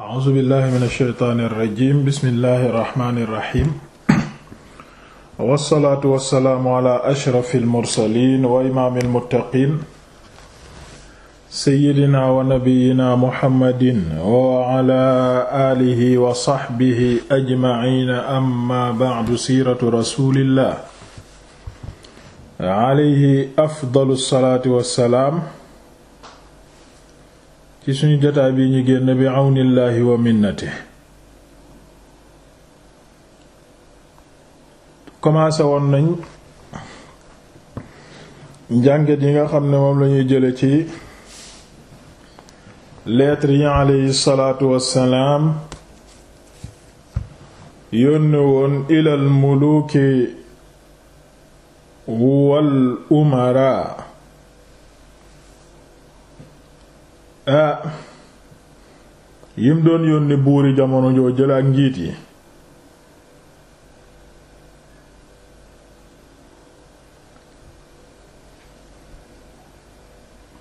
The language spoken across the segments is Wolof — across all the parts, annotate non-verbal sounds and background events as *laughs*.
a'uuzu billahi mina shaytaani rajiim bismillahi rahmaani rahiim. wasalaatu wasalaamu ala ashrafil mursaliin wa imaamil muttaqiin. sayyidina wa nabiyyina muhammadin wa ala aalihi wa saxbihi ajmaciin amma bacdu siiratu rasuulillah. alayhi afdalu salaatu wa salaam. ci suñu jotaay bi ñu génn bi àwnillaahi wa minnati commencé woon nañ njànget yi nga xam ne moom lañuy jële ci lettre yi aleyhi salaatu wassalaam yónne woon ilal muluki wal umara Ah, yim doon yónni buuri jamono joo jël ak njiit yi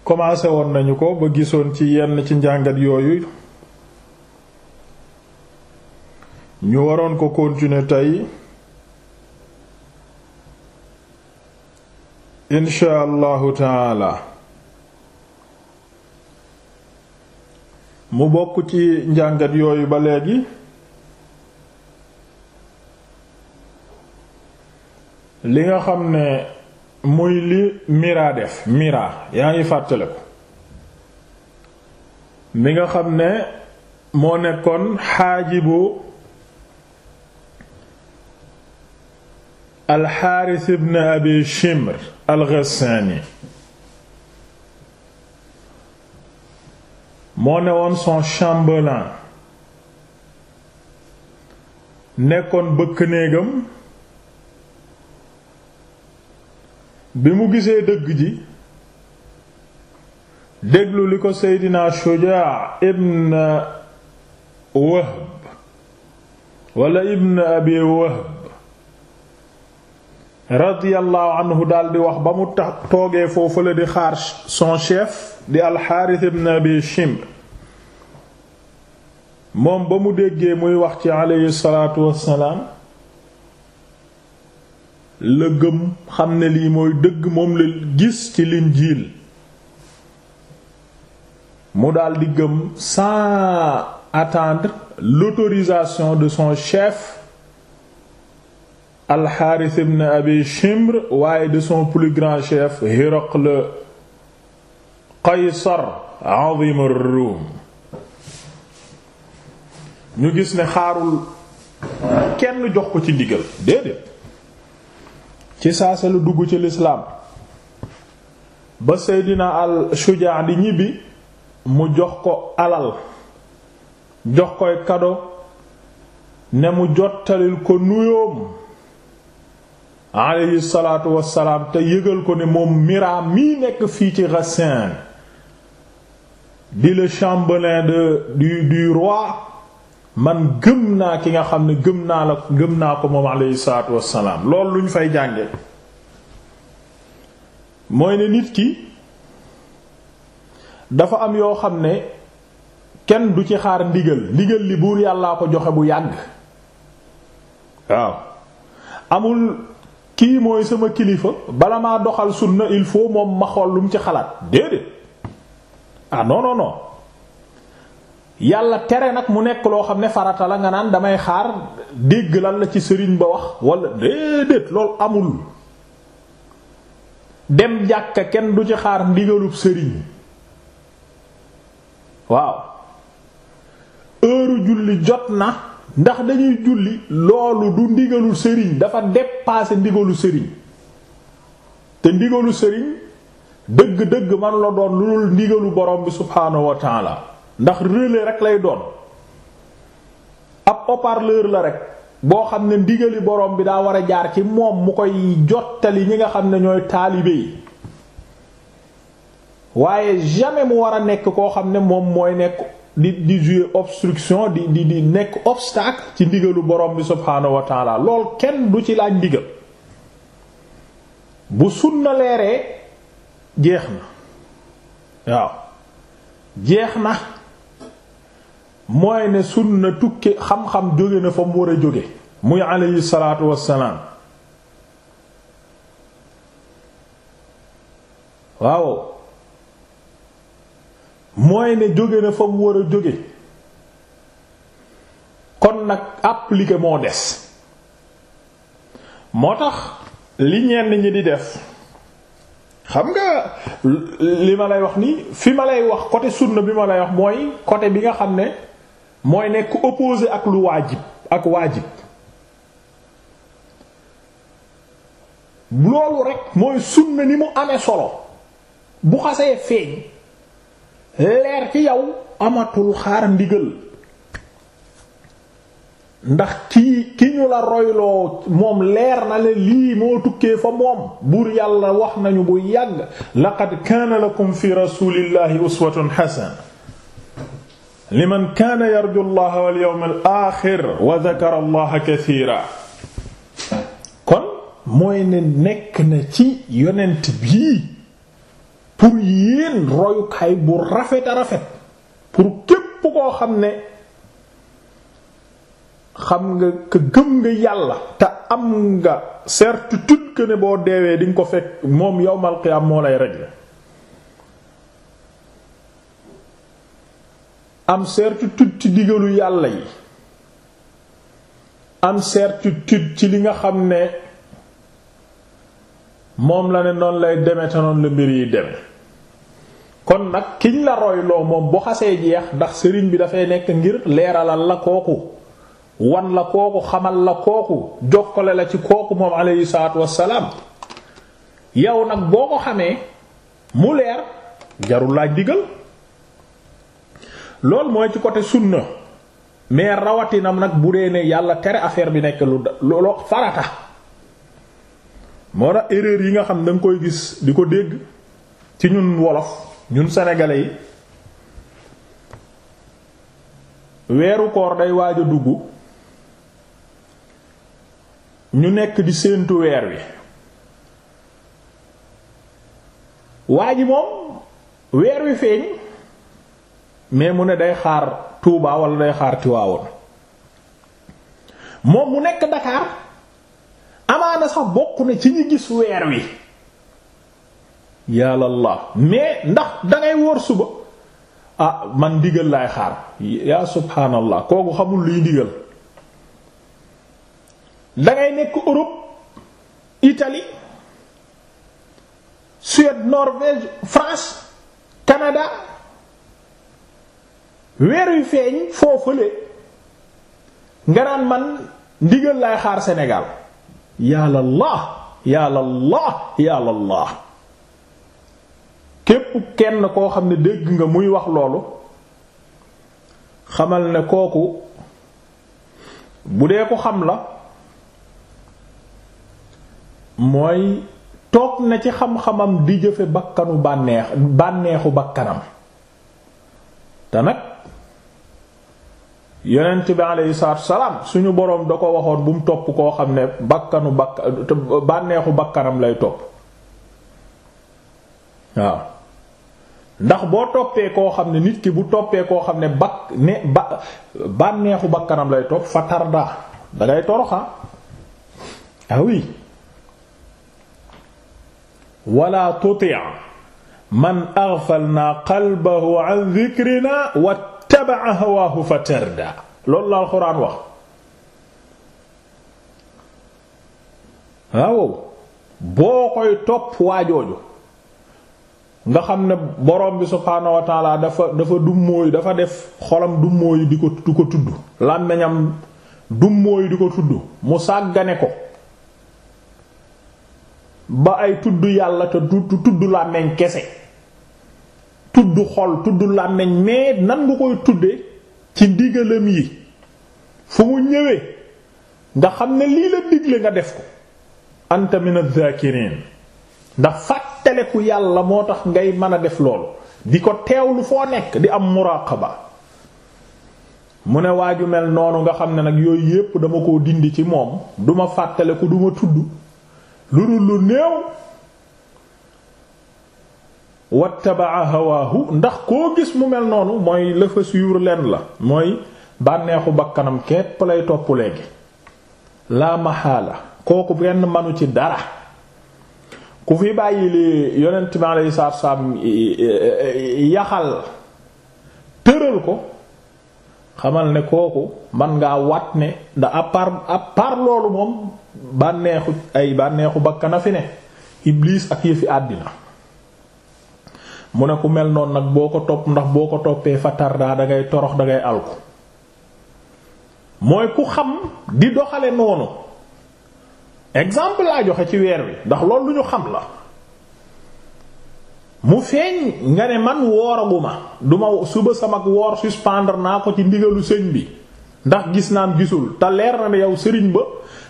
commencé woon nañu ko ba gisoon ci yenn ci njàngat yooyu ñu waroon ko continuer tey incha allahu mu bokk ci njàngat yooyu ba léegi li nga xam ne muy li mira def mira yaa ngi fàttale ko mi nga xam ne moo nekkoon xaajibu alxaaris ibn abi shimr al-Ghassani moo ne woon son chambellan nekkoon bëkk néegam bi mu gisee dëgg ji déglu li ko seydina Shujaa ibn Wahb wala ibn Abi Wahb radiyallahu anhu daal di wax ba mu tax toogee foofu la di xaar son chef di alxaaris ibn abi shimr moom ba mu déggee muy wax ci aleyhi salaatu wassalaam la gëm xam ne lii mooy dëgg moom la gis ci linjiil mu daldi gëm sans attendre l'autorisation de son chef alxaaris ibn abi chimr waaye de son plus grand chef Héracle qaysar azim ar ñu gis ne xaarul kenn jox ko ci ndigal déedéet ci saasa dugg ci lislaam ba seydina al Shujaa di ñibbi mu jox ko alal jox koy kado ne mu jottalil ko nuyoom alayhi salaatu wassalaam te yëgal ko ne moom Miraam mii nekk fii ci Ghassan di le chambellan de du du roi man gëm naa ki nga xam ne gëm naa la gëm naa ko moom alayhi salaatu wassalaam loolu lu ñu fay jànge mooy ne nit ki dafa am yoo xam ne kenn du ci xaar ndigal ndigal li buur yàllaa ko joxe bu yàgg waaw amul kii mooy sama kilifa bala ma doxal sunna il faut moom ma xool lu mu ci xalaat déedéet ah non yàlla tere nag mu nekk loo xam ne farata la nga naan damay xaar dégg lan la ci sëriñ ba wax wala déedéet loolu amul dem jàkka kenn du ci xaar ndigalub sëriñ waaw heure julli jot na. ndax dañuy julli loolu du ndigalul sëriñ dafa dépasser ndigalu sëriñ te ndigalu sëriñ dëgg-dëgg man la doon lu dul ndigalu borom bi subhaanahu wa taala ndax relais rek lay doon ab haut la rek boo xam ne ndigali borom bi daa war a jaar ci moom mu koy jottali ñi nga xam ne ñooy taalibe yi waaye jamais mu war a nekk koo xam ne moom mooy nekku di di jouer obstruction di di di nekk obstacle ci ndigalu borom bi subhaanahu wa lool kenn du ci laaj ndigal bu sunna leeree jeex na waaw jeex na mooy ne sunna tukki xam-xam jóge na fa mu war a jóge muy alayhi wassalaam waaw mooy ne jóge na fa mu war a jóge kon nag appliquer moo des moo tax li ñenn ñi di def xam nga li ma lay wax nii fi ma lay wax côté sunna bi ma lay wax mooy côté bi nga xam ne mooy nekk opposé ak lu waajib ak waajib loolu rek mooy sunna ni mu amee solo bu xasee feeñ leer ci yow amatul xaar ndigal ndax kii ki ñu la royloo moom leer na la lii moo tukkee fa moom buur yàlla wax nañu bu yàgg laqad kaan lakum fi rasulillahi uswatun hasana liman kaana yarju llaha wal yawmal aaxir wa dakara allaha kasiira kon mooy ne nekk na ci yonent bii pour yéen royukaay bu rafet a rafet pour képp koo xam ne xam nga que gëm nga yàlla te am nga certitude que ne boo deewee di ko fekk moom yawmal qiyaam moo lay régler am certitude ci digalu yàlla yi am certitude ci li nga xam ne moom la ne noonu lay deme te noonu la mbir yi deme kon nag kiñ la royloo moom bu xasee jeex ndax sëriñ bi dafay nekk ngir leeralal la kooku wan la kooku xamal la kooku jokkale la ci kooku moom alayhi salaatu wassalaam yow nag boo ko xamee mu leer jarul laaj digal loolu mooy ci côté sunna mais rawatinam nag bu dee ne yàlla tere affaire bi nekk lu loo farata moo tax erreur yi nga xam da koy gis di ko dégg ci ñun wolof ñun sénégalais yi weeru koor day waaj a dugg ñu nekk di séentu weer wi waa ji moom weer wi feeñ mais mu ne day xaar Touba wala day xaar Tiwaawoon moom mu nekk Dakar amaana sax bokk na ci ñi gis weer wi yàlla mais ndax dangay woor suba ah man ndigal laay xaar yaa subhaanallah kooku xamul luy ndigal dangay nekk Europe Italie Suède Norvège France Canada weer yu feeñ foofale nga naan man ndigal laay xaar Sénégal yàlla la yàlla képp kenn koo xam ne dégg nga muy wax loolu xamal ne kooku bu dee ko xam la mooy toog na ci xam-xamam di jëfe bakkanu bànneex bànneexu bakkanam te nag yonent bi aleyhi salaam suñu boroom da ko waxoon bu topp koo xam ne bakkanu bakk bànneexu bakkanam lay topp waaw ndax boo toppee koo xam ne nit ki bu toppee koo xam ne bak ne ba bànneexu bakkanam lay topp fa tarda da ngay toroxa ah oui wala tuti' man aghfalna qalbahu an dhikrina wattaba'a hawahu fa tarda loolu la alxuraan wax ah waaw boo koy topp waajooju nga xam ne borom bi subhaanahu wa taala dafa dafa dummóoyu dafa def xolam dummóoyu di ko du ko tudd làmmiñam dummóoyu di ko tudd mu sàggane ko ba ay tudd yàlla ko tudd tudd làmmiñ kese tudd xol tudd làmmiñ mais nan nga koy tudde ci ndigalam yi fu mu ñëwee nga xam ne lii la digle nga def ko anta min az-zakirin fàttaleku yàlla moo tax ngay mën a def loolu di ko teewlu foo nekk di am muraqaba mu ne waaju mel noonu nga xam ne nag yooyu yépp dama ko dindi ci moom duma fàttaleku duma tudd lu dul lu néew wattabaa hawaahu ndax koo gis mu mel noonu mooy la leen la mooy bànneexu bakkanam képp lay topp léegi laa maxaala kooku benn manu ci dara ku fi bàyyi li yonent bi alayhi salaatu salaam yaxal tëral ko xamal ne kooku man ngaa wat ne da à part loolu moom bànneexu ay bànneexu bakkana fi ne iblis ak yëfi àddina mu ne ku mel noonu nag boo ko topp ndax boo ko toppee fatardaa da ngay torox dangay ngay alku mooy ku xam di doxale noonu exemple laa joxe ci weer wi ndax loolu lu ñu xam la mu feeñ nga ne man wooraguma duma suba sama woor suspendre naa ko ci ndigalu sëñ bi ndax gis naan gisul te leer na ne yow sëriñ ba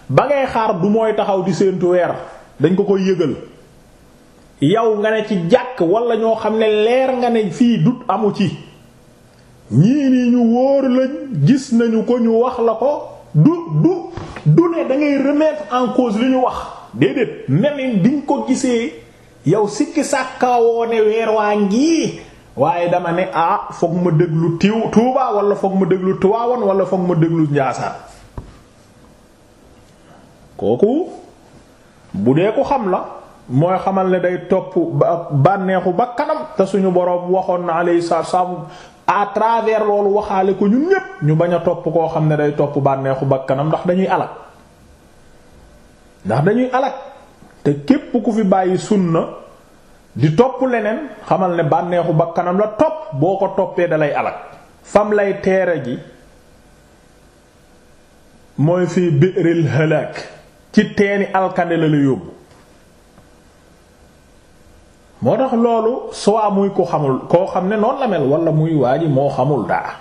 ba ngay xaar du mooy taxaw di séentu weer dañ ko koy yëgal yow nga ne ci jàkk walla ñoo xam ne leer nga ne fii dut amu ci ñii nii ñu wóor lañ gis nañu ko ñu wax la ko du du du ne da ngay en cause li ñu wax déedéet même bi ñu ko gisee yow sikki sàkkawoo ne weer waa ngi waaye dama ne ah foog ma déglu tiw Tuuba wala foog ma déglu Tiwaawan wala foog ma déglu Njaasaan kooku bu dee ko xam la mooy xamal ne day topp bànneexu ba kanam te suñu boroom waxoon na alayhi salaam à travers loolu waxaale ko ñun ñépp ñu bañ a topp koo xam ne day topp bànneexu bakkanam ndax dañuy alak ndax dañuy alak te képp ku fi bàyyi sunna di topp leneen xamal ne bànneexu bakkanam la topp boo ko toppee dalay alak fam lay teere ji mooy fi bi'ril halak ci teeni alkande la la yóbbu moo tax loolu soit muy ko xamul koo xam ne noonu la mel wala muy waa ji moo xamul daa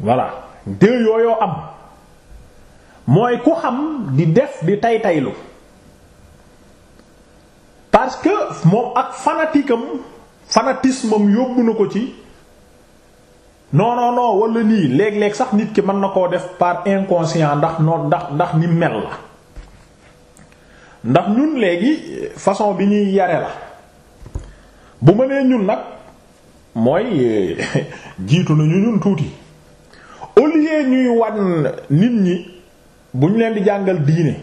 voilà deux yooyoo am mooy ku xam di def di tay taylu parce que moom ak fanatique am fanatisme yóbbu na ko ci non non wala nii léeg-léeg sax nit ki mën na koo def par inconscient ndax noon ndax ndax ni mel la ndax ñun léegi façon bi ñuy yare la bu ma nee ñun nag mooy *laughs* jiitu nañu ñun tuuti au lieu ñuy wan nit ñi bu ñu leen di jàngal diine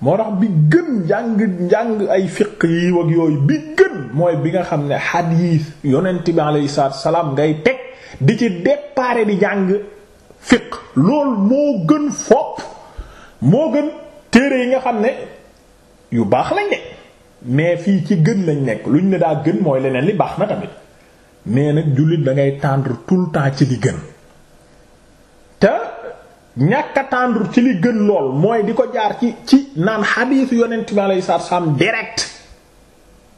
moo tax bi gën njàng njàng ay fiq yi ak yooyu bi gën mooy bi nga xam ne xadiis yonent bi alayhi salaam ngay teg di ci départ di jàng fiq loolu moo gën fopp moo gën téere yi nga xam ne yu baax lañ ne mais fii ci gën lañ nekk lu luñ ne daa gën mooy leneen li baax na tamit mais nag jullit da ngay tendre tout le temps ci li gën te ñàkk a ci li gën lool mooy di ko jaar ci ci naan xadiisu yonent bi alayhi salaatu salaam direct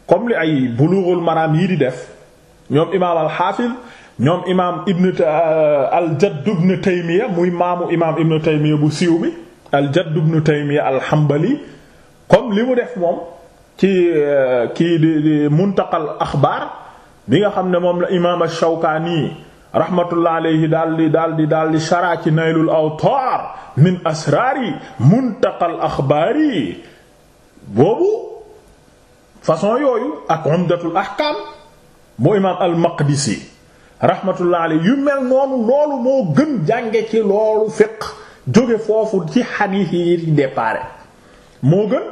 comme li ay bulughul maram yi di def ñoom imaam al ñoom imaam ibn euh, al-Jadd ibn Taymiyya muy maamu imaam ibn Taymiyya bu siiw bi al-Jadd ibn Taymiyya al-Hanbali comme li mu def moom ci euh, kii di di muntaqal axbaar bi nga xam ne moom la imaam ash-Shawkaani rahmatullah alayhi daal di daal di daal di sharaa ci naylul awtaar min asraari muntaqal axbaar yi boobu façon yooyu ak umdatul ahkaam bu imaam al-Maqdisi rahmatullah alayhi yu mel noonu loolu moo gën jànge ci loolu fiqh jóge foofu ci xadiis yi di déparé moo gën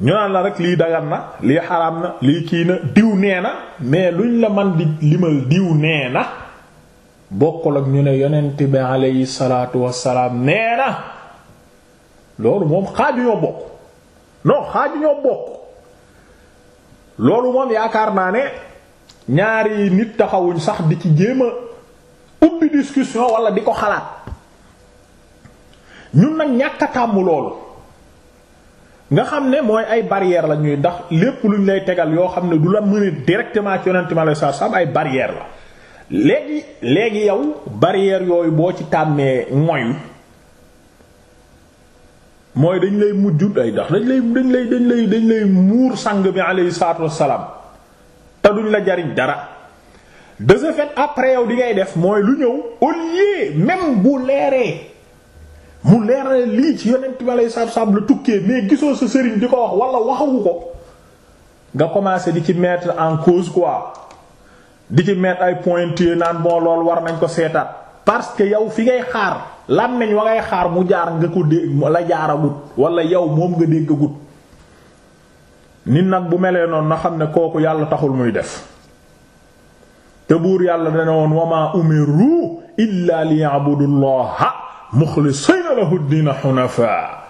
ñu naan la rek lii dagan na lii xaraam na lii kii na diw nee na mais luñ la man di limal diw nee na bokkul ak ñu ne yonent bi aleyhi salaatu wassalaam nee na loolu moom xaaju ñoo bokk non xaaju ñoo bokk loolu moom yaakaar naa ne ñaari nit taxawuñ sax di ci jéem a ubbi discussion wala di ko xalaat ñun nag ñàkk a tàmm loolu nga xam ne mooy ay barrière la ñuy ndax lépp luñ lay tegal yoo xam ne du la mën a directement ci yonent mi alayhi ay barrière la léegi léegi yow barrière yooyu boo ci tàmmee moyu mooy dañ lay mujj day ndax dañ lay dañ lay dañ lay dañ lay muur sang bi alayhi salaatu wassalaam te duñ la jariñ dara de ce après yow di ngay def mooy lu ñëw au lieu bu leeree mu leer lii ci yonent bi aleyhi salaatu salaam la tukkee mais gisoo sa sëriñ di ko wax wala waxawu ko nga commencé di ci mettre en cause quoi di ci mettre ay pointillés naan moo loolu war nañ ko seetaat parce que yow fi ngay xaar làmmiñ wa ngay xaar mu jaar nga ko dégg la jaaragut wala yow moom nga déggagut ni nag bu melee noonu na xam ne kooku yàlla taxul muy def te buur yàlla dana woon wa maa umiru illaa liya'budullaha muxlisiina lahu diina xunafaa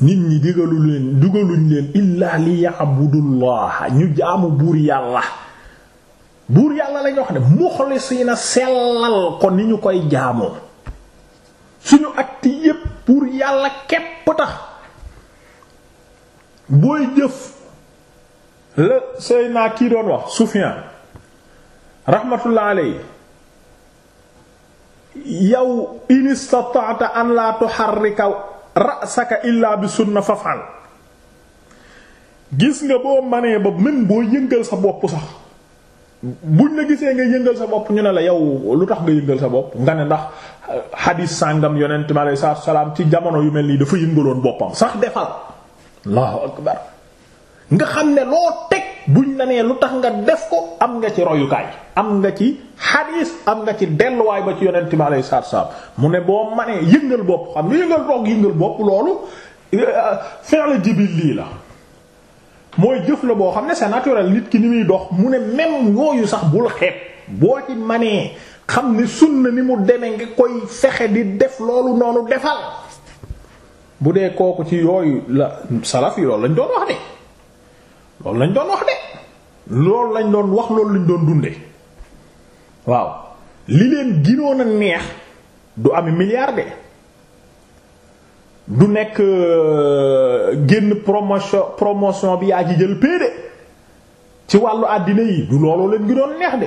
nit ñi digalu leen dugaluñ leen illaa li ya'budullaha ñu jaamu buur yàlla buur yàlla lañu wax ne muxlisiina sellal ko ni ñu koy jaamoo suñu acte yépp buur yàlla képp tax booy jëf la sëy naa kii doon wax Sufyaan raxmatullahi alayhi yow in istata'ta an la tuharrika ra'saka illa bi sunna faf'al gis nga boo manee ba même boo yëngal sa bopp sax buñ la gisee nga yëngal sa bopp ñu ne la yow lu tax nga yëngal sa bopp nga ne ndax xadiis eh, sàngam yonent mi alayhi salaatu salaam ci jamono yu mel nii dafa yëngaloon boppam sax defal allahu akbar nga xam ne loo teg buñ la nee lu tax nga def ko am nga ci royukaay am nga ci xadiis am nga ci delluwaay ba ci yonent bi alayhi salaatu salaam mu ne boo manee yëngal bopp xam nga yëngal roog yëngal bopp loolu euh, fi'l jibil la mooy jëf boo xam ne c'est naturel nit ki ni muy dox mu ne même yooyu sax bul xeeb boo ci manee xam ne sunna ni mu demee nga koy fexe di def loolu noonu defal bu dee kooku ci yooyu la salaf yi loolu lañ doon wax de loolu lañ doon wax de loolu lañ doon wax loolu lañ doon dunde waaw li leen ginoon a neex du ami milliardaire du nekk euh, génn promotion promotion bi yaa ci jël péede ci wàllu àddina yi du looloo leen doon neex de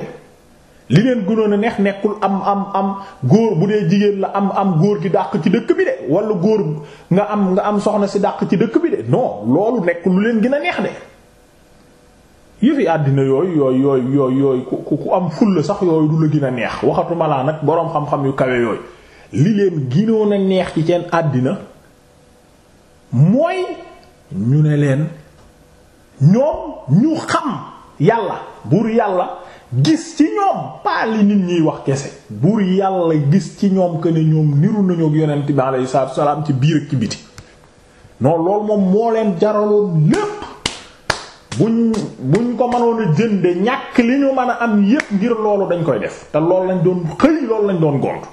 li leen gënoon a neex nekkul am am am góor bu dee jigéen la am am góor gi dàq ci dëkk bi de wala góor nga am nga am soxna si dàq ci dëkk bi de non loolu nekk lu leen gën a neex de yëfi àddina yooyu yooyu yooyu yooyu yooyu ku ku am fulla sax yooyu du la gën a neex waxatuma laa nag boroom xam-xam yu kawe yooyu li leen ginoon a neex ci seen àddina mooy ñu ne leen ñoom ñu xam yàlla buur yàlla gis ci ñoom pas li nit ñuy wax kese buur yàlla gis ci ñoom que ne ñoom niru nañu ak yonent bi salaam ci biir ak ci biti non loolu moom moo leen jaraloon lépp buñ buñ ko mënoon a jënde ñàkk li ñu mën a am yépp ngir loolu dañ koy def te loolu lañu doon xëy loolu lañ doon gont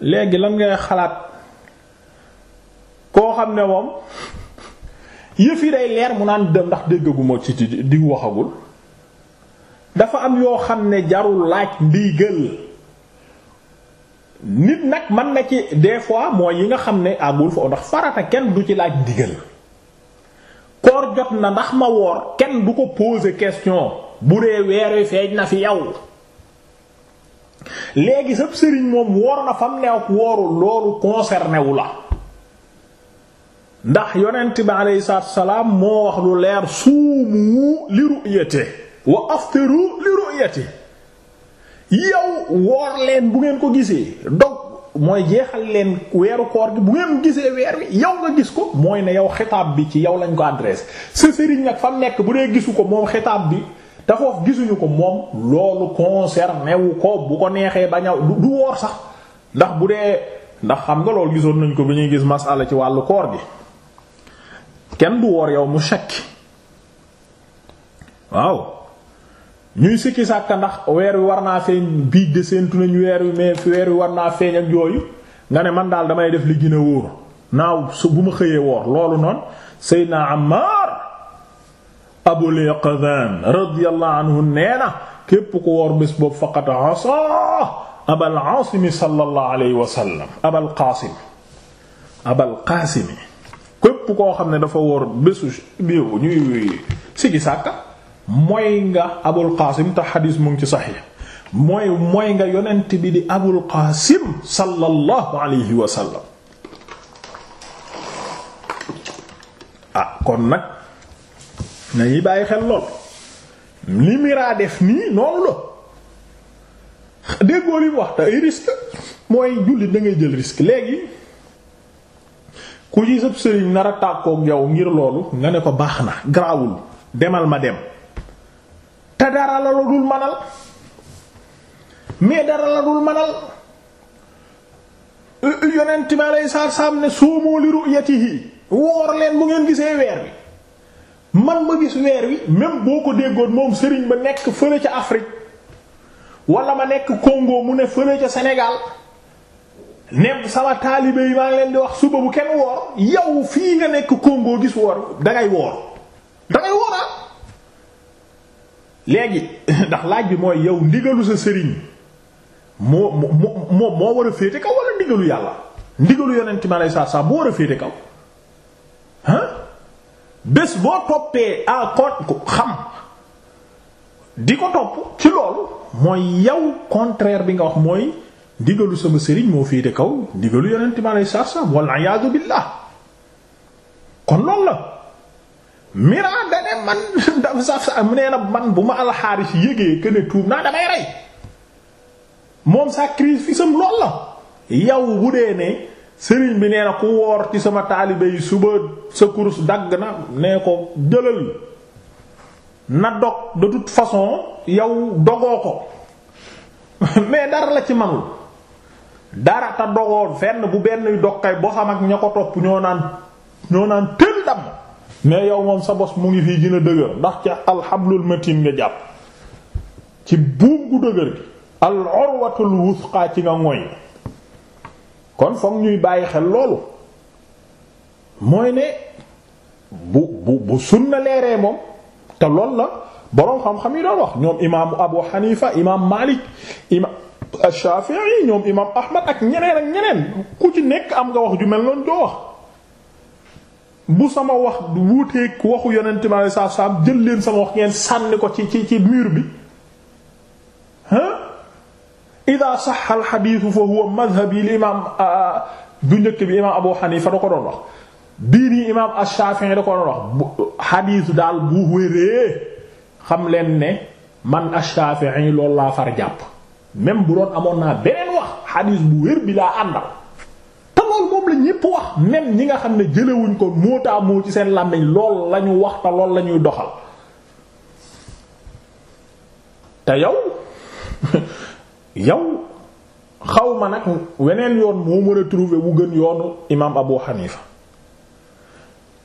léegi la ngay xalaat koo xam ne moom *laughs* yëf yi leer mu naan dem ndax déggaguma ci ci di waxagul dafa am yoo xam ne jarul laaj ndigal nit nag mën na ci des fois mooy yi nga xam ne àggul fa ndax farata kenn du ci laaj ndigal koor jot na ndax ma woor kenn du ko poser question bu dee weer wi feeñ na fi yow léegi sab sëriñ moom woor na fam neew wooru loolu concerné wu la ndax yonent bi aleyhi salaam moo wax lu leer suumu li ru'yati wa aftiru li ru'yati yow woor leen bu ngeen ko gisee mooy jeexal leen weeru koor bi bu ngeen gisee weer wi yow nga gis ko mooy ne yow xitaab bi ci yow lañ ko adressé sa sëriñ nag fam nekk bu dee gisu ko moom xitaab bi te foofu gisuñu ko moom loolu concerné wu ko bu ko neexee ba ñaw du woor sax ndax bu dee ndax xam nga loolu gisoon nañ ko bi ñuy gis masala ci wàllu koor bi kenn du woor yow mu shakki waaw ñuy sikki sàkka ndax weer wi war naa feeñ biij de séentu nañ weer wi mais weer wi war naa feeñ ak yooyu nga ne man daal damay def li gën a wóor naaw su bu ma xëyee woor loolu noon Seydina Ammar Abul Yaqzan radiyallahu anhu nee na képp ko woor bés boobu faqat asa Abal Aasimi sallallahu alayhi wa Abal Qaasim Abal Qaasimi képp koo xam ne dafa woor bésu biiw ñuy sikki sàkka mooy nga abul qaasim te xadiis mu ngi ci saxiix mooy mooy nga yonent bi di abul qaasim sallallahu alayhi wa ah kon nag nañuy bàyyi xel lool li miraa def nii noonu la déggoo li mu ay risque mooy jullit da ngay jël risque léegi ku ci sëb sëriñ nar a tàkkook yow ngir loolu nga ne ko baax na garaawul demal ma dem te dara la la dul manal mais dara la dul manal yonent mi alayhi salaam ne suumu li ru'yatihi woor leen bu ngeen gisee weer wi man ma gis weer wi même boo ko déggoon moom sëriñ ba nekk fële ca Afrique wala ma nekk Congo mu ne fële ca Sénégal ne sama taalibe yi maa ngi leen di wax suba bu kenn woor yow fii nga nekk Congo gis woor dangay woor dangay wooraa ah. léegi ndax laaj bi mooy yow ndigalu sa sëriñ moo moo moo moo war a féete kaw wala ndigalu yàlla ndigalu yonent mi alayhi salaam boo war a féete kaw ah bés boo toppee ah ko xam di ko topp ci loolu mooy yow contraire bi nga wax mooy ndigalu sama sëriñ moo féete kaw ndigalu yonent mi alayhi salaam wal iyaadu billah kon loolu la. Mira da man *laughs* dafa saf sa mu nee na man bu ma alxaaris yégee que ne tuub naa damay rey moom sacrifice am lool la yow bu dee ne sëriñ bi nee na ku woor ci sama taalibe yi suba sa kurus dagg na ne ko jëlal na dog de toute façon yow dogoo ko *laughs* mais dara la ci manul dara ta dogoon fenn bu benn dog boo xam ak ña ko topp ñoo naan ñoo naan tël dam mais yow moom sa bos mu ngi fii gën a dëgër ndax ci alxablul matin nga jàpp ci buum gu dëgër gi al urwatul wusqa ci nga ngoy kon foog ñuy bàyyi xel loolu mooy ne bu bu bu sunna leeree moom te lool la boroom xam-xam yi doon wax ñoom imaamu abu xanifa imaam malik imaam shafii ñoom imaam ahmad ak ñeneen ak ñeneen ku ci nekk am nga wax ju mel noonu doo wax bu sama wax wuuteeg waxu yonent bi alayhi salaatu jël leen sama wax ngeen sànni ko ci ci ci mur bi ah ida saxa alxaditu fa huwa madhabi li imam ah, ah, bu njëkk bi imam Abu Xanifa da ko doon wax bii nii imam shafii da ko doon wax xaditu daal bu wéree xam leen ne man Ash-Shafi'i loolu laa far jàpp même bu doon amoon naa beneen wax xadis bu wér bi laa àndal moom la ñépp wax même ñi nga xam ne jëlewuñ ko mootaa moo ci seen làmmiñ lool la ñu wax te lool lañuy ñuy doxal te yow *laughs* yow xaw ma nag weneen yoon moo mën a trouver wu gën yoonu imaam Abu Hanifa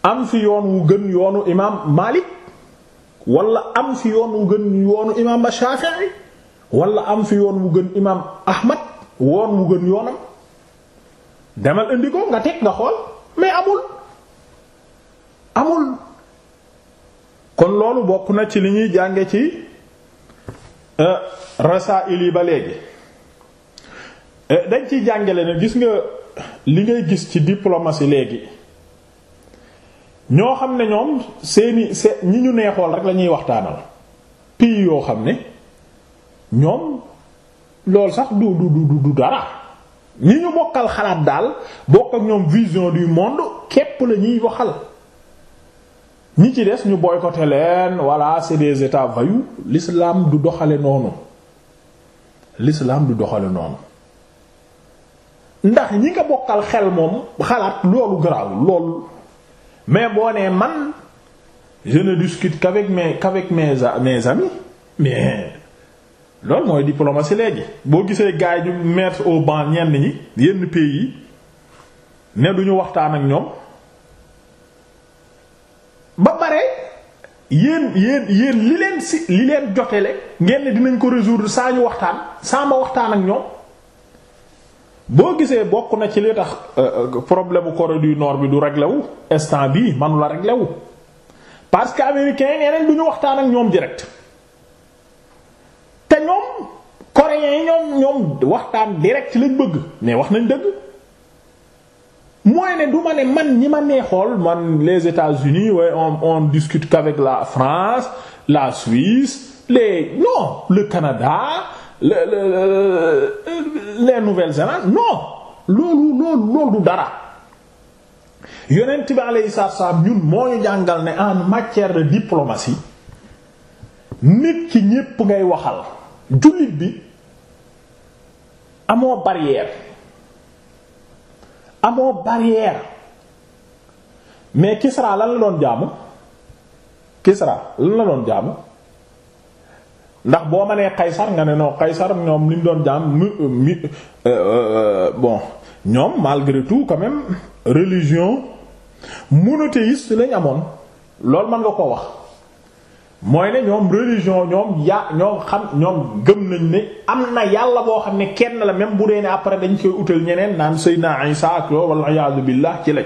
am fi yoon wu gën yoonu imaam Malik wala am fi yoon wu am fi yoon wu gën imaam Ahmad woon wu gën yoonam demal indi ko nga teg nga xool mais amul amul kon loolu bokk na ci li ñuy jànge ci euh, rasail yi ba léegi euh, dañ ci jàngale ne gis nga li ngay gis ci diplomatie léegi ñoo xam ne ñoom seeni se ñi ñu neexool rek la ñuy waxtaanal pays yoo xam ne ñoom loolu sax du du du du dara ñi ñu bokkal xalaat daal bokk ak ñoom vision du monde képp la ñuy waxal ñi ci des ñu boycotté leen voilà c'est des états voyous l'islam du doxale noonu l'islam du doxale noonu ndax ñi nga bokkal xel moom xalaat loolu garaaw loolu mais boo nee man je ne discute mais mes mais mes mes amis mais loolu mooy diplomatie léegi boo gisee gars yi ñu mettre au ban ñenn ñi yenn pays yi ne ñu waxtaan ak ñoom ba pare yéen yéen yéen li leen si li leen jotele ngeen ne dinañ ko résoudre saa ñu waxtaan saa ma waxtaan ak ñoom boo gisee bokk na ci li tax euh, euh, problème bu Corée du Nord bi du réglé wu instant bii manu la réglé wu parce que américain yeneen du ñu waxtaan ak ñoom direct moyen yi ñoom ñoom waxtaan direct lañ bëgg mais wax nañ dëgg mooy ne du ne man ñi ma nee xool man les États-Unis ouais on on discute qu'avec la France la Suisse les Nouvelle-Zélande non loolu loolu loolu dara yonent bi alayhi salaam ñun moo ñu jàngal ne en matière de diplomatie nit ki ñépp ngay waxal jullit bi amoo barrière amoo barrière mais Kisra lan la doon jàmm Kisra lan la doon jàmm ndax boo ma nee Qaysar nga ne non Qaysar ñoom li mu doon jaam mu mi euh, euh, bon ñoom malgré tout quand même religion monothéiste lañ amoon loolu mën nga ko wax. mooy ne ñoom religion ñoom ya ñoom xam ñoom gëm nañ ne am na yàlla boo xam ne kenn la même bu dee ne après dañ koy utal ñeneen naan Seydina Isa ak yo wala iyaazu billah ci lañ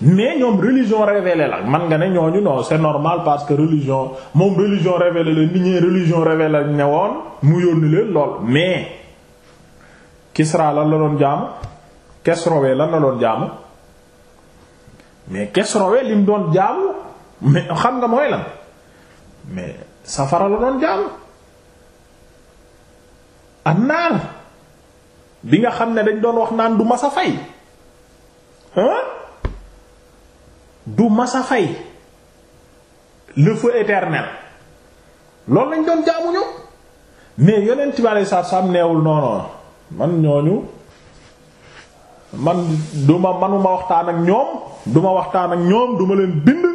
mais ñoom religion révélée la man nga ne ñooñu non c'est normal parce que religion moom religion révélée la nit ñi religion révélée la ne woon mu yónni leen lool mais Kisra lan la doon jaamu Kesrowe lan la doon jaamu mais Kesrowe lim doon jaamu mais xam nga mooy lan mais safara la doon jaamu am naar bi nga xam ne dañ doon wax naan du masa fay hein du masa fay le feu éternel loolu lañ doon jaamu ñu mais yonent bi alei satu salaam neewul noonoon man ñooñu man duma manuma waxtaan ak ñoom duma waxtaan ak ñoom duma leen bind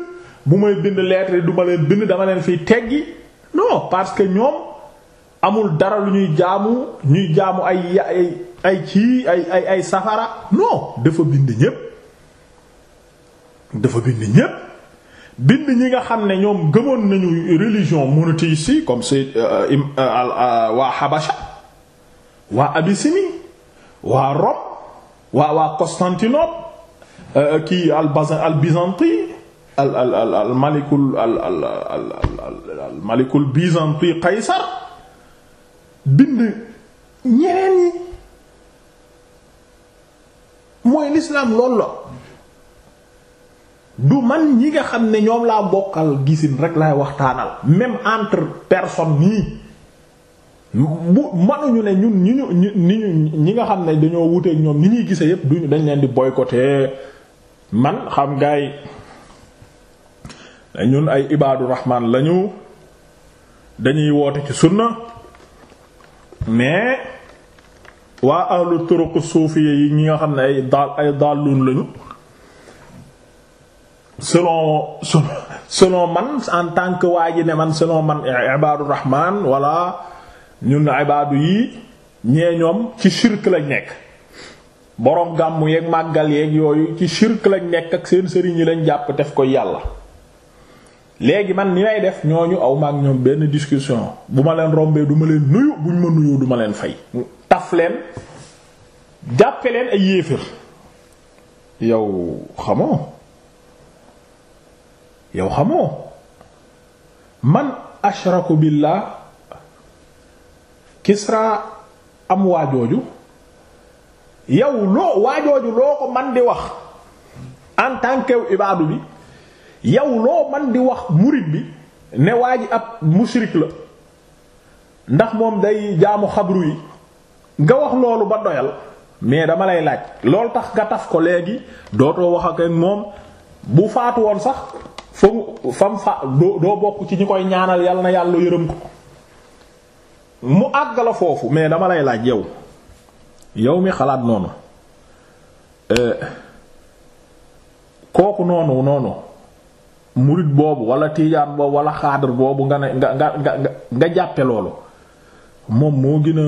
bu may bind lettre du ma leen bind dama leen fiy teggi non parce que ñoom amul dara lu ñuy jaamu ñuy jaamu ay ay ay ci ay ay safara non dafa bind ñépp dafa bind ñépp bind ñi nga xam ne ñoom gëmoon nañu religion monothéiste yi comme c'est euh, euh, euh, waa Habasha waa Abyssinie waa Rome waa waa Constantinople kii al bazan al byzantin al al al al malikul al al al al malikul byzantin Qaysar bind ñeneen yi mooy lislaam loolu la du man ñi nga xam ne ñoom laa bokkal gisin rek laay waxtaanal même entre personnes nii bu manuñu ne ñun ñu ñu ni ñu ñi nga xam ne dañoo wuteek ñoom ni ñuy gise yépp duñu dañ leen di boycotter man xam gaay ñun ay ibaadu rahmaan lañu dañuy woote ci sunna mais waa allu turuq suufiya yi ñi nga xam ne ay daal ay daalluun lañu selon selon man en tant que waa ji ne man selon man ibaadu rahmaan walla ñun ibaadu yi ñee ñoom ci shirk lañ nekk boroom gàmmu yeeg màggal yeeg yooyu ci shirk lañ nekk ak seen sëriñ yi lañ jàpp def ko yàlla léegi man ni may def ñooñu aw maag ñoom benn discussion bu ma leen rombee du ma leen nuyu bu ñu ma nuyoo du leen fay mm. taf leen jàppe leen ay yéefér yow xamoo yow xamoo man ashraku billah kisra am waajooju yow loo waajooju loo ko man di wax en tant que ibaadu bi yow loo man di wax murit bi ne waa ji ak mushrik la ndax moom day jaamu xabru yi nga wax loolu ba doyal mais dama lay laaj lool tax nga taf ko léegi dootoo wax ak moom bu faatu woon sax fa fam fa doo bokk ci ñu koy ñaanal yàlla na yàlla yërëm ko mu àgg la foofu mais dama lay laaj yow yow mi xalaat noonu euh, kooku noonu noonu murit boobu wala tiijaan boobu wala xaadar boobu nga ne nga nga nga nga jàppe loolu moom moo gën a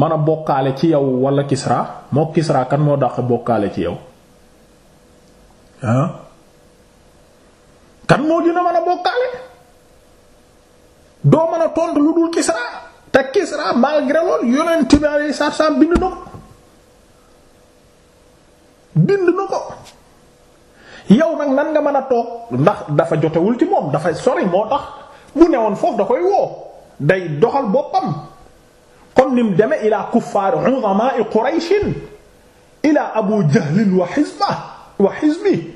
mën a bokkaale ci yow wala Kisra moo Kisra kan moo dàq bokkaale ci yow ah kan moo gën a mën a bokkaale doo mën a tontu lu dul Kisra te Kisra malgré loolu yonent bi alayhi salaam bind na ko bind na ko. yow nag nan nga mën a toog ndax dafa jotewul ci moom dafa sori moo tax bu newoon foofu da woo day doxal boppam comme ni mu demee ilaa kuffaar uzamaa'i qurayshin ilaa abu jahlin wa xisba wa xisbi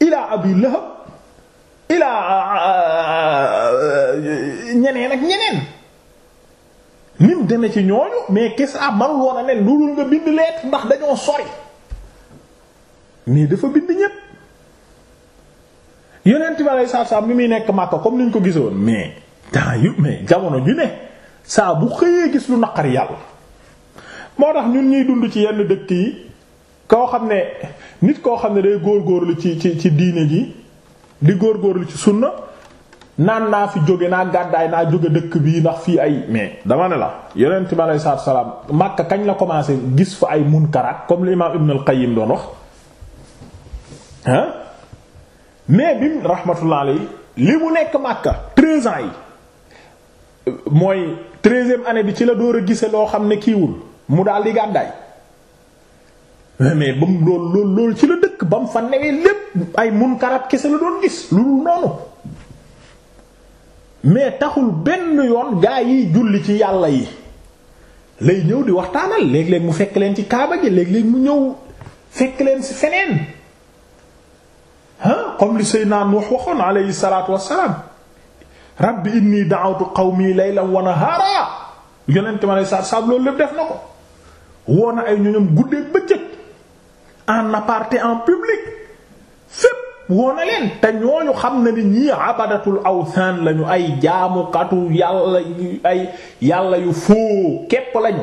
ilaa abi lahab ilaa uh, ñeneen ak ñeneen ni mu ci ñooñu mais Kisra ah, manul woon a ne lu dul nga bind leet ndax dañoo sori mais dafa bind ñépp yonent bi aleyhi salaatu salaam bi muy nekk Makka comme niñ ko gisoon mais temps mais jamono ju ne saa xëyee gis lu yàlla moo tax ñun ñuy dund ci yenn dëkk yi koo xam ne nit koo xam ne day góorgóorlu ci ci ci diine ji di góorgóorlu ci sunna naan naa fi jóge naa gàddaay naa jóge dëkk bii ndax fii mais dama ne la yonent bi aleyhi salaatu salaam Makka kañ la commencé gis fa ay munkaraat comme l'imam Ibn al-Qayyim doon wax mais bi rahmatullah alayhi li mu nekk Makka treize ans yi mooy treizième année bi ci la door a gise loo xam ne kiiwul mu daal di gàddaay mais ba mu lool lool lool ci la dëkk ba mu fa newee lépp ay munkarat kese la doon gis lu dul noonu mais taxul benn yoon gaa yi julli ci yàlla yi lay ñëw di waxtaanal léeg-léeg mu fekk leen ci kaaba gi léeg-léeg mu ñëw fekk leen ci feneen ah comme li Seydina Nuux waxoon alayhi salaatu wassalaam rabbi inni da'awtu qawmi laylan wa nahaara yonent ma lay sa saab loolu lépp def na ko woo na ay ñoñom guddeeg bëccëg en aparté en public fépp woo na leen te ñooñu xam na ni ñii abadatul awthan lañu ay jaamukatu yàlla ay yàlla yu foo képp lañu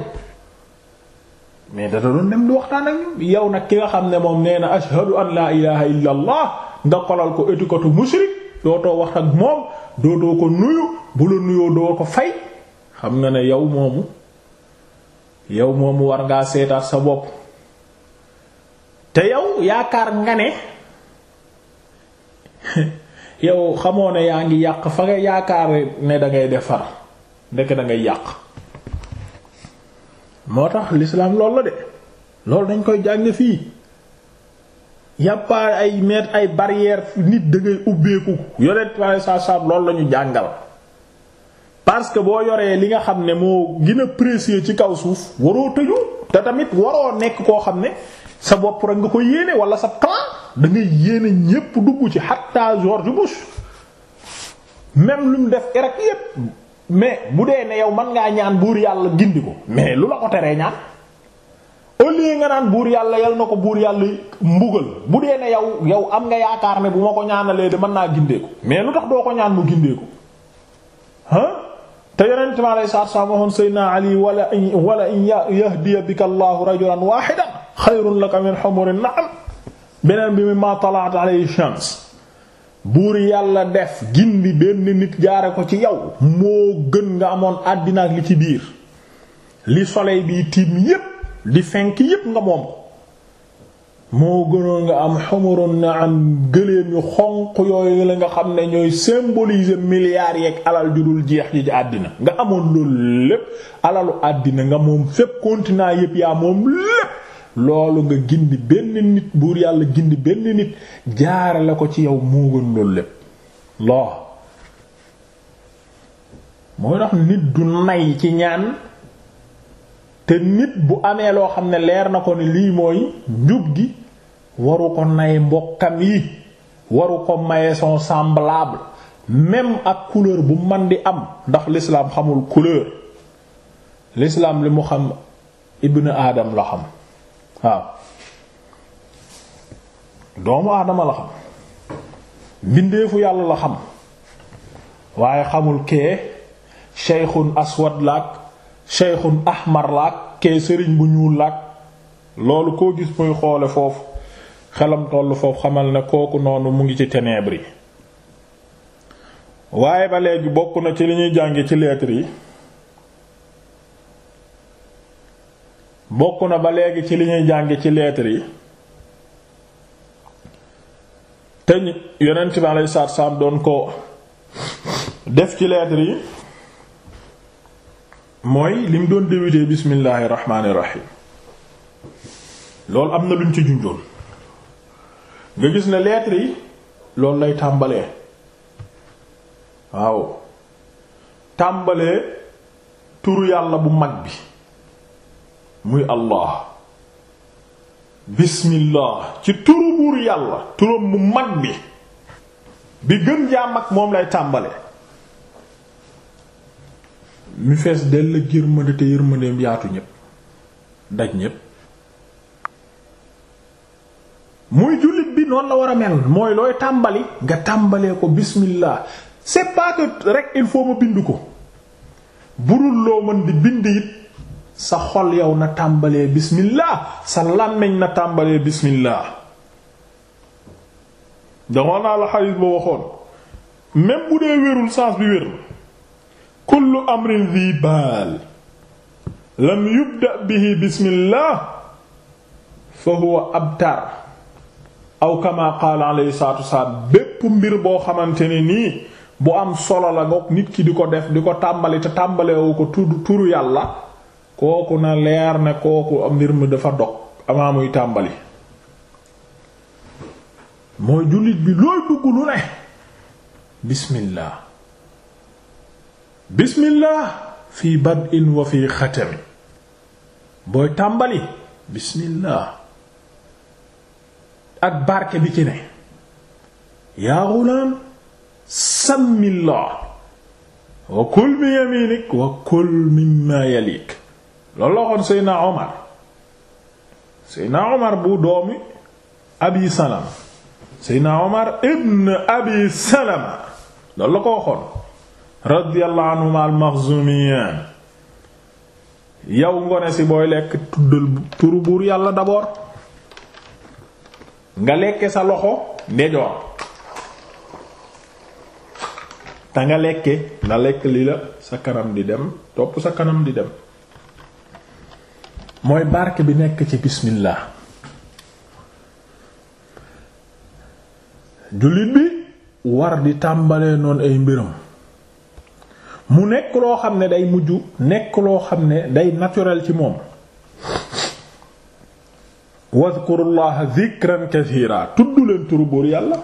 mais da doon dem di waxtaan ak ñun yow nag ki nga xam ne moom nee na ashhadu an laa ilaha illa allah nga xolal ko étikatu mushrik dootoo wax ak moom dootoo ko nuyu bu la nuyoo doo ko fay xam nga ne yow moomu yow moomu war ngaa seetaat sa bopp te yow yaakaar nga ne *laughs* yow xamoo ne yaa ngi yàq fa nga yaakaar ne da ngay defar ndeke da ngay yàq moo tax l'islam loolu la de loolu dañ koy jàng fii yàppaa ay mettre ay barrière nit da ngay ubbeeku yoleet pare saab loolu la ñu jàngal parce que boo yoree li nga xam ne moo gën a ci kaw suuf waroo tëju te tamit waroo nekk koo xam ne sa bopp rek nga ko yéene wala sa clan da ngay yéene ñépp dugg ci hatta George Bush même lu mu def Irak yépp mais bu dee ne yow man ngaa ñaan buur yàlla gindi ko mais lu la ko teree ñaan au lieu nga naan buur yàlla yal na ko buur yàlla mbugal bu dee ne yow yow am nga yaakaar ne bu ma ko ñaanalee de mën naa gindee ko mais lu tax doo ko ñaan mu gindee ko ah te yonent mi alayhi salaatu salaam waxoon Seydina Ali wala wala in yahdiya bika Allahu rajulan waahidan xayrun laka min humurin na'am beneen bi mi ma talaat alayhi shams buur yàlla def gindi benn nit jaare ko ci yow moo gën nga amoon àddina ak li ci biir li soleil bi tiim yépp di fenk yépp nga moom moo gënoon nga am xamuroon na am gëléem yu xonq yooyu la nga xam ne ñooy symboliser milliards yeeg alal ju dul jeex ji ci àddina nga amoon loolu lépp alalu àddina nga moom fépp continent yépp yaa moom lépp loolu nga gindi benn nit buur yàlla gindi benn nit jaare la ko ci yow moo gën loolu lépp loo mooy tax nit du nay ci ñaan te nit bu amee loo xam ne leer na ko ni lii mooy njub gi waru ko nay mbokkam yi waru ko maye son semblable même ak couleur bu man di am ndax lislaam xamul couleur l'islam li mu xam ibnu aadam la xam waaw doomu aadama la xam mbindeefu yàlla la xam waaye xamul kee sheykhun aswad laak sheykhun ahmar laak kee sëriñ bu ñuul laak loolu koo gis muy xoole foofu xelam tollu foofu xamal ne kooku noonu mu ngi ci ténèbres yi waaye ba léegi bokk na ci li ñuy jànge ci lettre yi bokk na ba léegi ci li ñuy jàng ci lettre yi te yonent bi alayhi salaatu salaam doon ko def ci lettre yi mooy li mu doon déwitee bismillaahi rahmaani rahiim loolu am na luñ ci junjoon nga gis ne lettre yi loolu lay tàmbalee waaw tàmbalee turu yàlla bu mag bi muy allah bismillah ci turu buur yàlla turam bu mag bi bi gën jaa mag moom lay tàmbale mi fees dell ak te yërmandeem yaatu ñépp daj ñépp muy jullit bi noonu la war a mel mooy looy tàmbali nga tàmbalee ko bismillah c'est pas il faut ma bind ko burul loo mën di bind it sa xol yow na tàmbalee bismillah sa làmmiñ na tàmbalee bismillah daxoon naa la ba waxoon même bu dee wérul sens bi wérul kullu amrin dhi baal lam yubda bihi bismillah fa huwa abtar aw kama qaala alayhi salaatu bépp mbir boo xamante ne nii bu am solo la nga nit ki di ko def di ko tàmbali te tàmbalewu ko tudd turu yàlla kooku na leer ne kooku mbir mi dafa dog amaa muy tàmbali mooy jullit bi looy dugg lu ne bismillah bismillah fii bad'in wa fii xatami booy tàmbali bismillah ak barke bi ci ne yaa ghulam samillah wa kul bi yaminik wa kul mimma yalik loolu la waxoon Seydina Omar Seydina Omar bu doomi Abi Salama Seydina Omar ibn Abi Salama loolu la ko waxoon radiyallahu anhuma yow ngone si booy lekk turu buur yàlla d'abord nga lekke sa loxo ndejoor te nga lekke nga lekk lii la sa kanam di dem topp sa kanam di dem mooy barke bi nekk ci bismillah jullit bi war di tàmbalee noonu ay mbiram mu nekk loo xam ne day mujj nekk loo xam ne day naturel ci moom wadkurullaha dhikran kathira tudd leen turu buur yàlla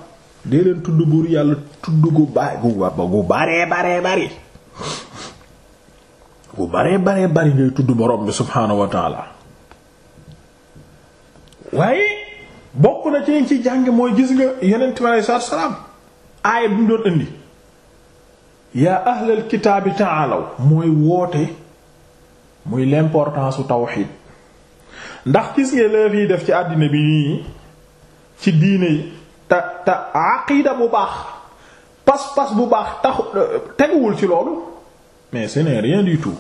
dee leen tudd buur yàlla tudd gu baay gu baree baree bari bu baree baree bari ngay tudd borom bi subhaanahu wa waaye bokk na ci ci jàng mooy gis nga yonent bi aleyhi salaatu wa salaam aaya bu indi yaa ahlal kitaabi taalaw mooy woote muy l'importance su tawxiid ndax gis nga lëf yi def ci àddina bi nii ci diine yi te te aqiida bu baax pas-pas bu baax tax teguwul ci loolu mais ce rien du tout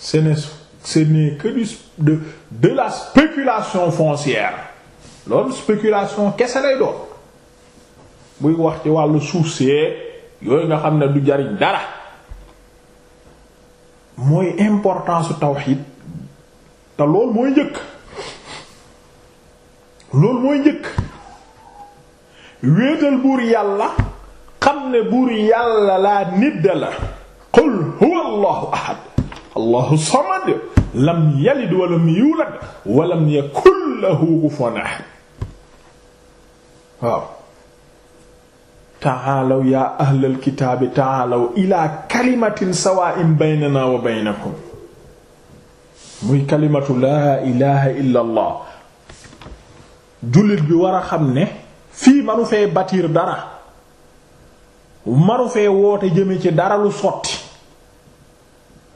ce n'est ce que du de de la spéculation foncière loolu spéculation kese lay doon buy wax ci wàllu suuf see yooyu nga xam ne du jariñ dara mooy importance su tawxiid te loolu mooy njëkk loolu mooy njëkk wéetal buur yàlla xam ne buur yàlla laa nidda la qul huwa allahu ahad allahu samad lam yalid wa yulad wa lam yakun lahu taalaw yaa ahlal kitaabi taalaw ila kalimatin sawaa'in baynana wa baynakum muy kalimatu laa ilaha illa allah jullit bi war a xam ne fii manu fee bâtir dara manu fee woote jëme ci dara lu sotti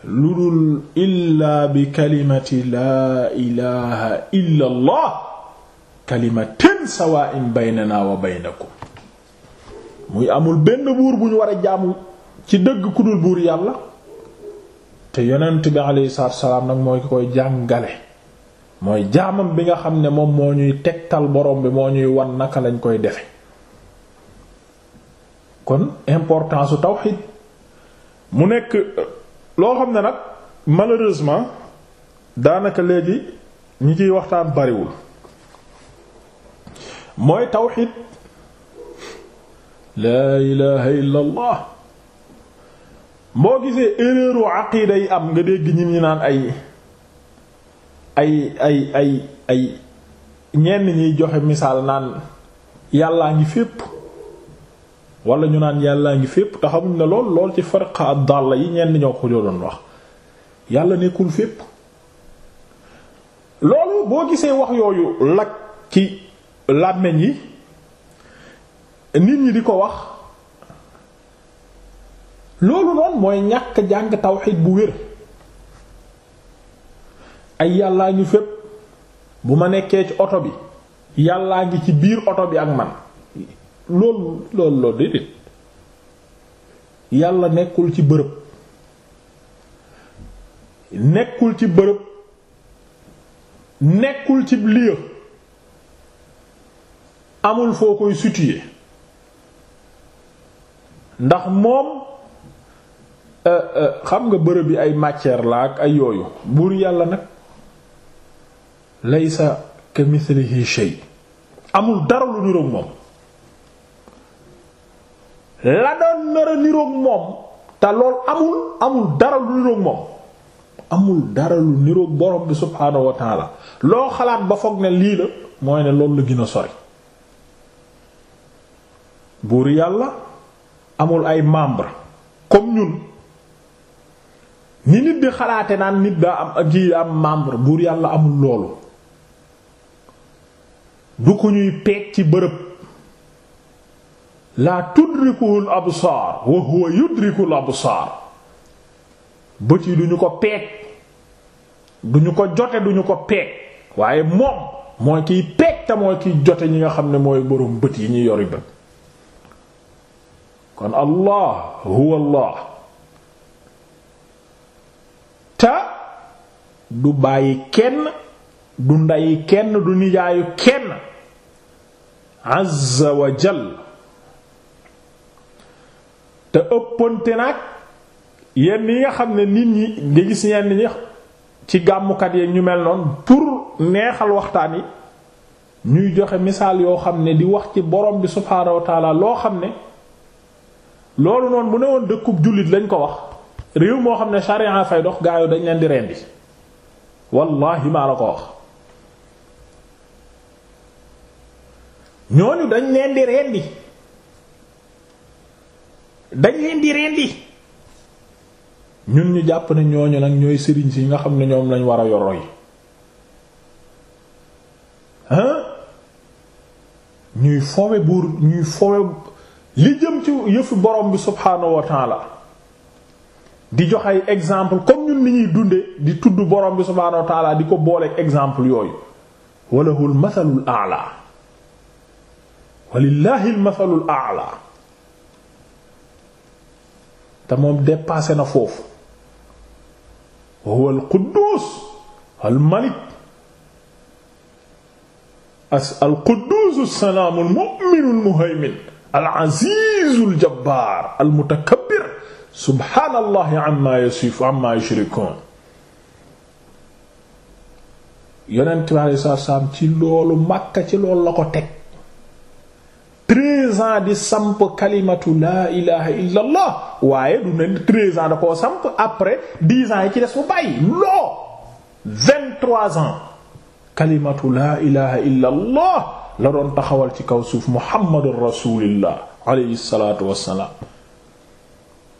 lu dul illaa bi kalimati laa ilaha illa allah kalimatin sawaa'in baynana wa baynakum muy amul benn buur bu ñu war a jaamu ci dëgg ku dul buur yàlla te yonent bi alayhi salaatu salaam nag mooy ki koy jàngale mooy jaamam bi nga xam ne moom moo ñuy tegtal borom bi moo ñuy wan naka lañ koy defe kon importance su tawxiid mu nekk loo xam ne nag malheureusement daanaka léegi ñi ciy waxtaan bariwul mooy tawxid laa ilaha illa allah boo gisee erreuru aqida yi am nga dégg ñin ñi naan ay ay ay ay ay ñenn ñiy joxe misaal naan yàllaa ngi fépp wala ñu naan yàllaa ngi fépp te xamuñ ne lool lool ci farqa ak dàll yi ñenn ñoo ko doon wax yàlla nekkul fépp. loolu boo gisee wax yooyu lak ci làmmiñ yi nit ñi di ko wax loolu noonu mooy ñàkk jàng tawxiid bu wér ay yàllaa ñu fépp bu ma nekkee ci oto bi yàllaa ngi ci biir oto bi ak man. loolu loolu loolu déedéet yàlla nekkul ci bërëb nekkul ci bërëb nekkul ci lieu amul foo koy situer ndax moom euh, euh, xam nga bërëb bi ay matière la ak ay yooyu buur yàlla nag laysa ka mithlihi shay amul dara lu niroog moom la doon nar a moom te lool amul amul dara lu niroog moom amul dara lu niroog borom bi subhaanahu wa taala loo xalaat ba foog ne lii la mooy ne loolu la gën a sori buur yàlla amul ay membre comme ñun ni nit di xalaate naan nit daa am ak ji am membre buur yàlla amul loolu du ko ñuy peeg ci bërëb laa tudrikuhul absaar wa huwa yudrikul absaar bët yi duñu ko peeg duñu ko jote duñu ko peeg waaye moom mooy kiy peeg te mooy kiy jote ñi nga xam ne mooy boroom bët yi ñuy yori bët kon allah huwa allah te du bàyyi kenn du ndeyi kenn du nijaayu kenn azza te ëppante nag yenn yi nga xam ne nit ñi nga gis yenn ñi ci gàmmukat yeeg ñu mel noonu pour neexal waxtaan yi ñuy joxe misaal yoo xam ne di wax ci borom bi subhaanahu wa loo xam ne loolu noonu mu ne woon dëkkub jullit lañ ko wax réew moo xam ne sharia fay dox gaayo dañ leen di rendi wallaahi maa la ko wax ñooñu dañ leen di rendi dañ leen di rendi ñun ñu jàpp ne ñooñu nag ñooy sëriñ si nga xam ne ñoom lañu war a yorooy hein ñuy fowe buur ñuy fowe li jëm ci yëfu borom bi subhaanahu wa di jox ay exemple comme ñun ni ñuy dunde di tudd borom bi subhaanahu wa di ko booleeg exemple yooyu walahul masalul a'la walillahi al masalul a'la te moom dépassé na foofu huwa al quddus al malik as al quddus as-salaam al mu'min al muhaymin al aziz al jabbar al mutakabbir subhaanallahi amma yasif amma yushrikun yonent bi alayhi salaam ci loolu Makka ci loolu la ko teg treize ans di samp kalimatu laa ilaha illa waaye du ne treize ans da koo samp après dix ans yi ci des mu bàyyi loo vingt-trois ans kalimatu laa ilaha illa la doon taxawal ci kaw suuf muhammadur rasulillah alayhi salatu wassalaam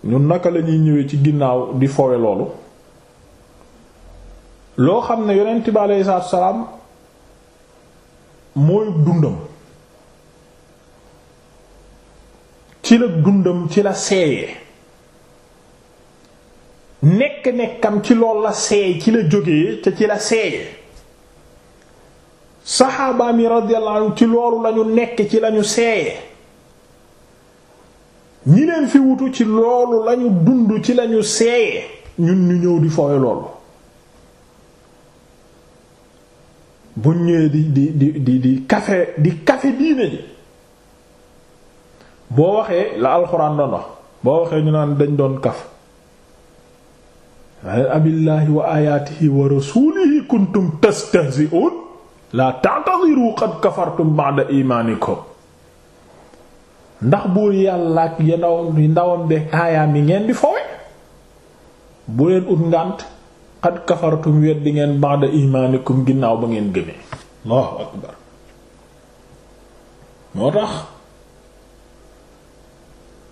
ñun naka lañuy ñëwee ci ginnaaw di fowe loolu loo xam ne yonent bi alayhi salaatu wassalaam mooy dundam ci la dundam ci la seeyee nekk-nekkam ci lool la seey ci la jógee te ci la seeyee saxaabaam yi radiyallahu ci loolu lañu nekk ci lañu seeyee ñileen fi wutu ci loolu lañu dund ci lañu seeyee ñun ñu ñëw di foowe loolu buñ ñëwee di di di di kafe di kafe diine ji boo waxee la alxuraan doon boo waxee ñu naan dañ doon kaf waaye abillaahi wa ayaatihi wa rasuulihi kuntum tastahzi'uun laa ta'tadhiru qad kafartum ba'da iimaanikum ndax buur yàlla ak yenawam yi ndawam beek aayaam yi ngeen di fowe bu leen ut ngànt qad kafartum weddi ngeen ba'da iimaanikum ginnaaw ba ngeen gëmee allahu akbar moo tax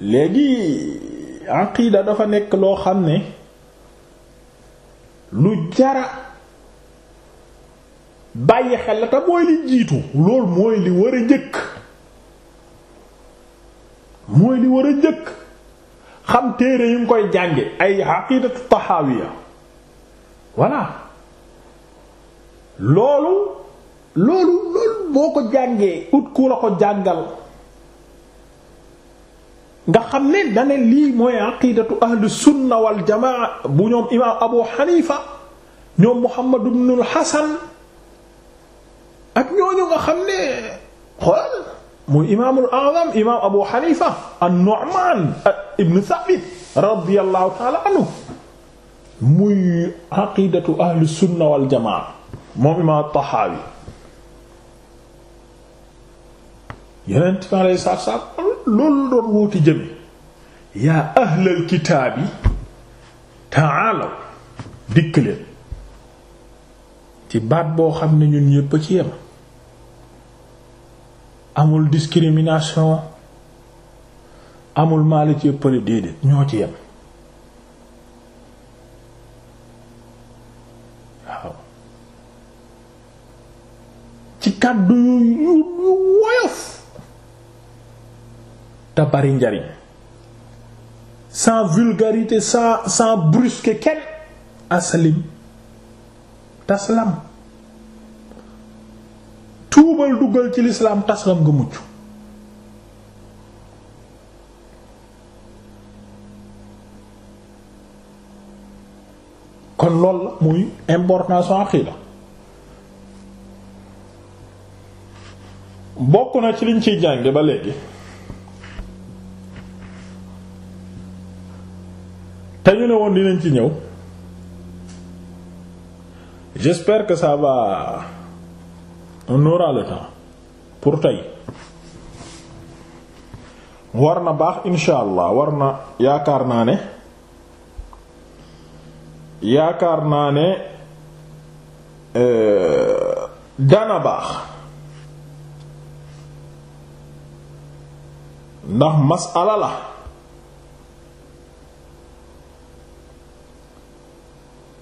léegi aqida dafa nekk loo xam ne lu jara bàyyi xel la te mooy li jiitu loolu mooy li war a jëkk mooy li war a njëkk xam téere yu ngi koy jànge ay aqidatu ya voilà loolu loolu loolu boo ko jàngee ut ku la ko jàngal nga xam ne dane lii mooy aqidatu ahlu sunna wal jamaa bu ñoom imaam abu xanifa ñoom muhammad ibnul hasan ak ñooñu nga xam ne xoolal muy imaamul a'zam imaam abu xanifa an-nu'man ibn thabit radiyallahu ta'ala anhu muy aqidatu ahlu sunna wal jamaa moom imaam at-tahawi yeneen bi alayhi salaatu salaam loolu doon woote jëme yaa ahlal kitaabi taalaw dikk leen ci baat boo xam ne ñun ñépp a ci yem amul discrimination amul maala ci ëppale déedéet ñoo ci yem waaw ci kàddu yu yu woyof te bari njariñ sans vulgarité sans sans brusque kenn aslim taslam tuubal duggal ci lislaam taslam nga mucc kon lool la muy importance aqida bokk na ci liñ ciy jànge ba léegi te ñu ne woon dinañ ci ñëw j'espère que ça va on pour tey war na baax insha allah war na yaakaar naa ne yaakaar naa ne euh, dana baax ndax masala la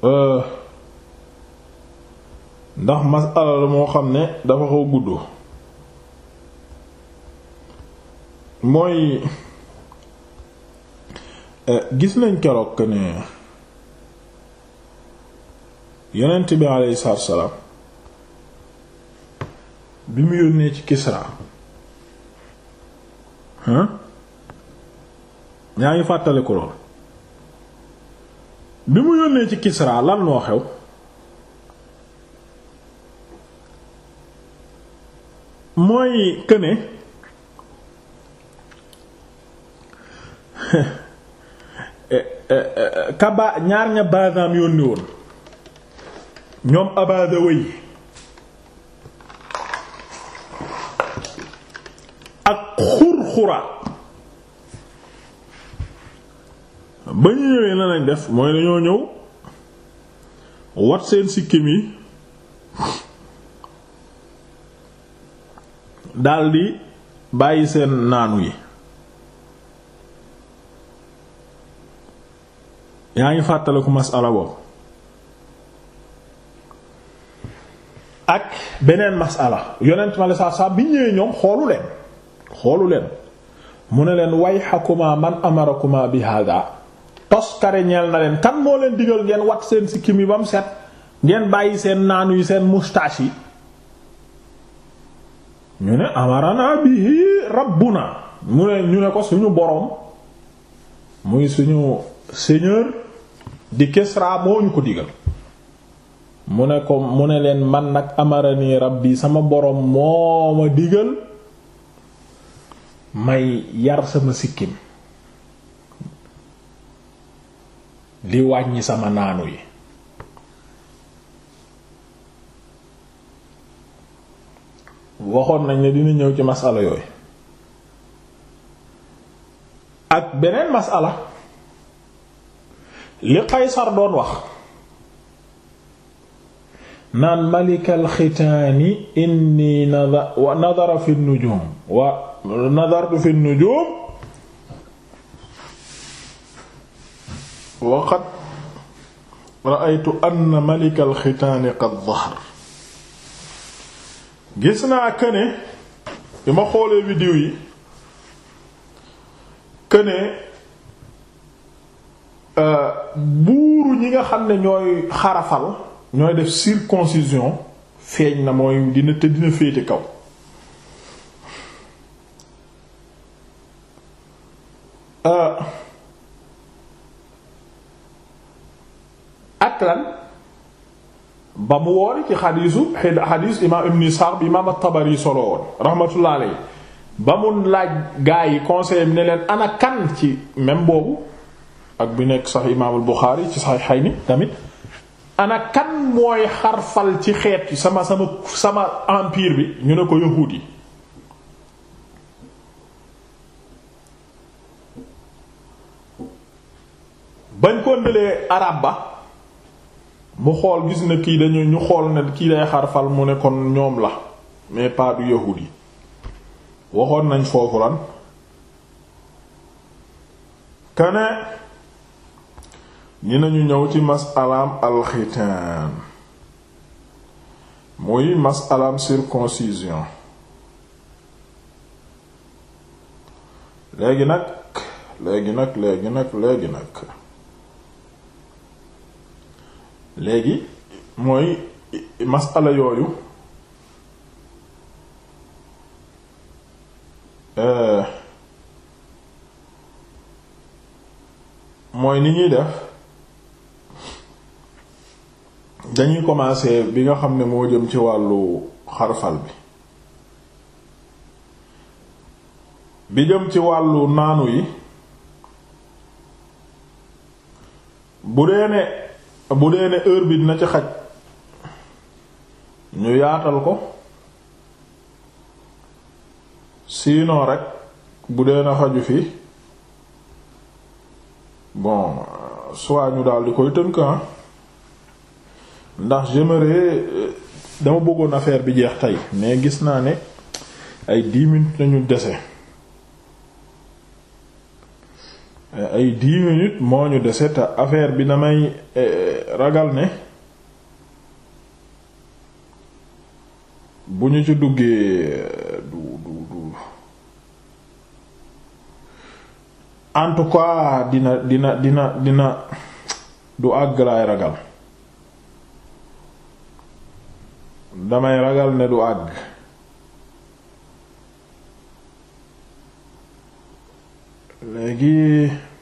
Euh, ndax masala la moo xam ne dafa xaw gudd mooy euh, gis nañ keroog ne yonent bi alayhi salaatu salaam bi mu yónnee ci Kisra hein yaa ngi fàttaliku lool bi mu yónnee ci Kisra lan moo xew mooy këne *laughs* kaba ñaar ña baadaam yónni ñoom abada wëy ak xurxura ba ñu ñëwee na lañ def mooy lañoo ñëw wat seen sikkim yi daldi bàyyi seen naanu yi yaa ngi fàttaliku masala boobu ak beneen masala yonent ma la saa saa bi ñëwee ñoom xoolu leen xoolu leen mu ne leen way xakuma man amarakuma bi hada toskare ñeel na leen kan moo leen digal ngeen wat seen sikkim yi ba mu set ngeen bàyyi seen naanu yu seen moustache yi ñu ne amarana bihi rabbuna mu ne ñu ne ko suñu boroom muy suñu seigneur di Kisra moo ñu ko digal mu ne ko mu ne leen man nag amarani rabbi sama boroom moo ma digal may yar sama sikkim di wàññi sama naanu yi waxoon nañ ne dina ñëw ci masala yooyu ak beneen masala li Qaysar doon wax naan malikal xitaani inni nadara fi nujum wa nadartu fi nujum waqad ra'aytu anna malikal alxitaani qad dahar gis naa këne bi ma xoolee vidéo yi këne euh, buuru ñi nga xam ne ñooy xarafal ñooy def circoncision feeñ na mooy dina te dina féete kaw euh, ak lan ba mu woori ci xadiisu xadiis imaam ibn Isaaq imaam at-Tabari solo woon rahmatullahi alayhi ba mu laaj gaa yi conseil bi ne leen ana ci même boobu ak bi nekk sax imaamul Buxaari ci Sahihayni tamit ana mooy xarfal ci xeet yi sama sama sama bi ñu ne ko yahuud yi bañ ko ndëlee arab ba mu xool gis na kii dañuy ñu xool ne kii day xarfal mu ne kon ñoom la mais pas du yahud yi waxoon nañ foofu lan kane nañu ñëw ci masalaam alxitaan muy masalaam circoncision léegi nag léegi nag léegi nag léegi nag léegi mooy masala yooyu euh, mooy ni ñuy def dañuy commencer bi nga xam ne moo jëm ci wàllu xarfal bi bi jëm ci wàllu naanu yi bu dee ne bu dee ne heure bi dina ci xaj ñu yaatal ko sinon rek bu dee na xaju fii bon soit ñu daal di koy tënk ah. ndax j'aimerais euh, dama bëggoon affaire bi jeex tey mais gis naa ne ay dix minutes nañu dese euh, ay dix minutes moo ñu dese te affaire bi damay ragal ne bu ñu ci duggee du du du en dina dina dina dina du àgg laay ragal damay ragal ne du àgg léegi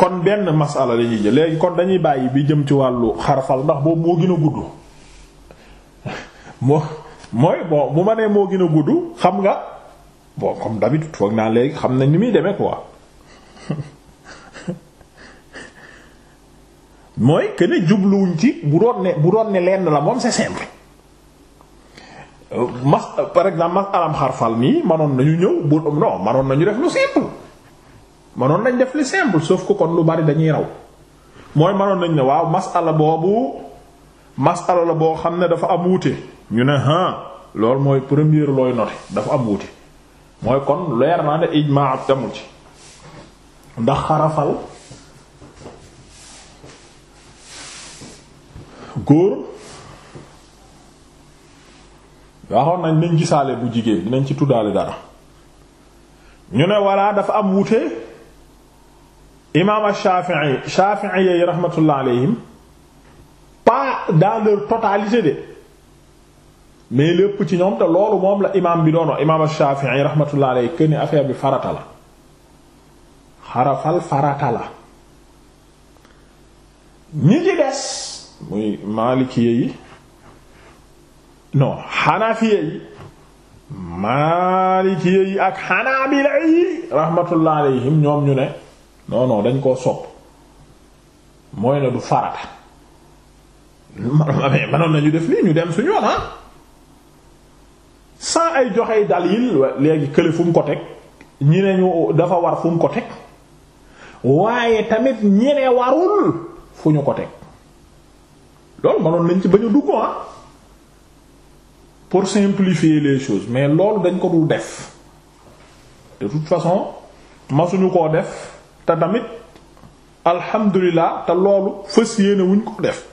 kon benn masala la ñuy jël léegi kon dañuy bàyyi bi jëm ci wàllu xarfal ndax boobu moo gën a gudd *laughs* moo mooy bon bu ma nee moo gin a gudd xam nga bon comme d'habitude foog naa léegi xam na ni muy demee ko *laughs* mooy que jubluwuñ ci bu doon ne bu doon ne lenn la moom c'est euh, mas par exemple mas alam xarfal nii manoon nañu ñëw bu non manoon nañu def lu simple manoon nañ def li simple sauf que kon lu bari dañuy raw mooy manoon nañ ne waaw masala boobu masala la boo xam ne dafa am wuute ñu ne ah loolu mooy première looy noté dafa am wuute mooy kon leer naa ci ndax xarafal góor waxoon nañ nañ gisaale bu jigéen dinañ ci tuddaale dara ñu ne walla dafa am wuute imaam ash-Shafi'i Shafi'i yi rahmatullah alayhim pas dans leur totalité de mais lépp ci ñoom te loolu moom la imaam bi doon imaam ash-Shafi'i rahmatullah alayhi que ni affaire bi farata la xarafal farata la ñi ci des muy maalikiye yi non xanafiye yi maalikiye yi ak xanaabila yi rahmatullah alayhim ñoom ñu ne. non dañ koo sopp mooy na du farata *laughs* manoon nañu def lii ñu dem suñu yoon ah sans ay joxey dalil léegi kële fum ko teg ñi ne ñu dafa war fu ko teg waaye tamit ñi ne warul fu ñu ko teg loolu manoon nañ ci ba a dugg ah pour simplifier les chose mais loolu dañ ko dul def de toute façon masuñu koo def te tamit alhamdulilah te loolu fës yéene wuñ ko def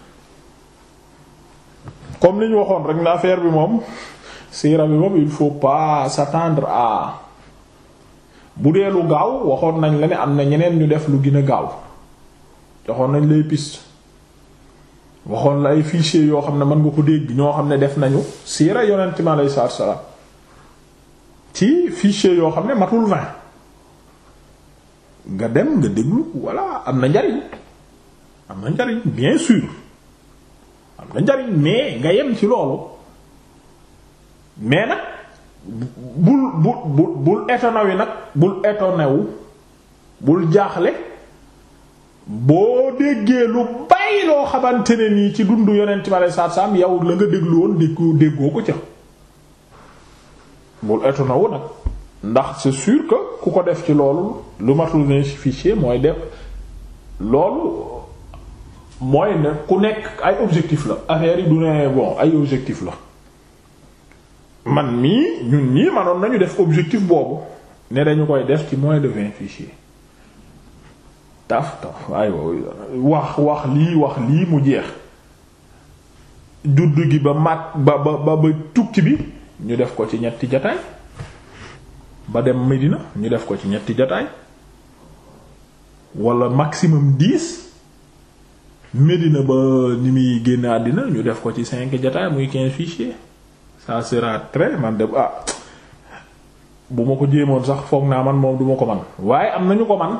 comme li waxoon rek na affaire bi moom siira bi moom il faut pas s'attendre à bu dee lu gaaw waxoon nañ la ne am na ñeneen ñu def lu gën a gaaw joxoon nañ lay piste waxoon la ay fichier yoo xam ne mën nga ko dégg ñoo xam ne def nañu siira yonent mi alayhi salaatu salaam ci fichier yoo xam ne matul vingt nga dem nga déglu voilà am na njariñ am na njariñ bien sûr na njariñ mais nga yem ci loolu mais nag bul bul bul bul étonné wi nag bul étonné wu bul jaaxle boo déggee lu bàyyi loo xamante ne nii ci dundu yonent ma lay saam yow la nga déglu woon déggoo ko ca bul étonné wu nag. ndax c'est sur que ku ko def ci loolu lu matul fichier mooy def loolu mooy ne ku nekk ay objectif la affaire yi du ne bon ay objectif la man mii ñun ñii manoon nañu def objectif boobu ne dañu koy def ci moins de vingt fichiers taf taf ay wax wax lii wax lii mu jeex judd gi ba mat ba ba ba tukki bi ñu def ko ci ñetti jataay ba dem Medina ñu def ko ci ñetti jotaay wala maximum dix Medina ba ni muy génn àddina ñu def ko ci cinq jotaay muy quinze fichiers ça sera très man dem ah bu ma ko jéemoon sax foog naa man moom du ko man waaye am nañu ko man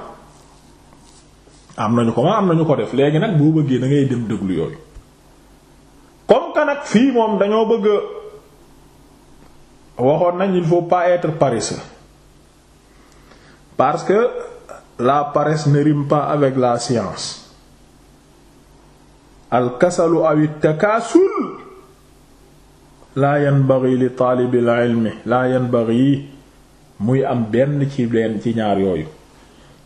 am nañu ko man am nañu ko def léegi nag boo bëggee dangay ngay dem déglu yooyu comme que fii moom dañoo bëgg waxoon nañ il faut pas être paresseux parce que la paresse ne rime avec la science al kasalu aw ttakaasul laa yanbaghi li taalibil ilmi laa yanbaghi muy am benn ci leen ci ñaar yooyu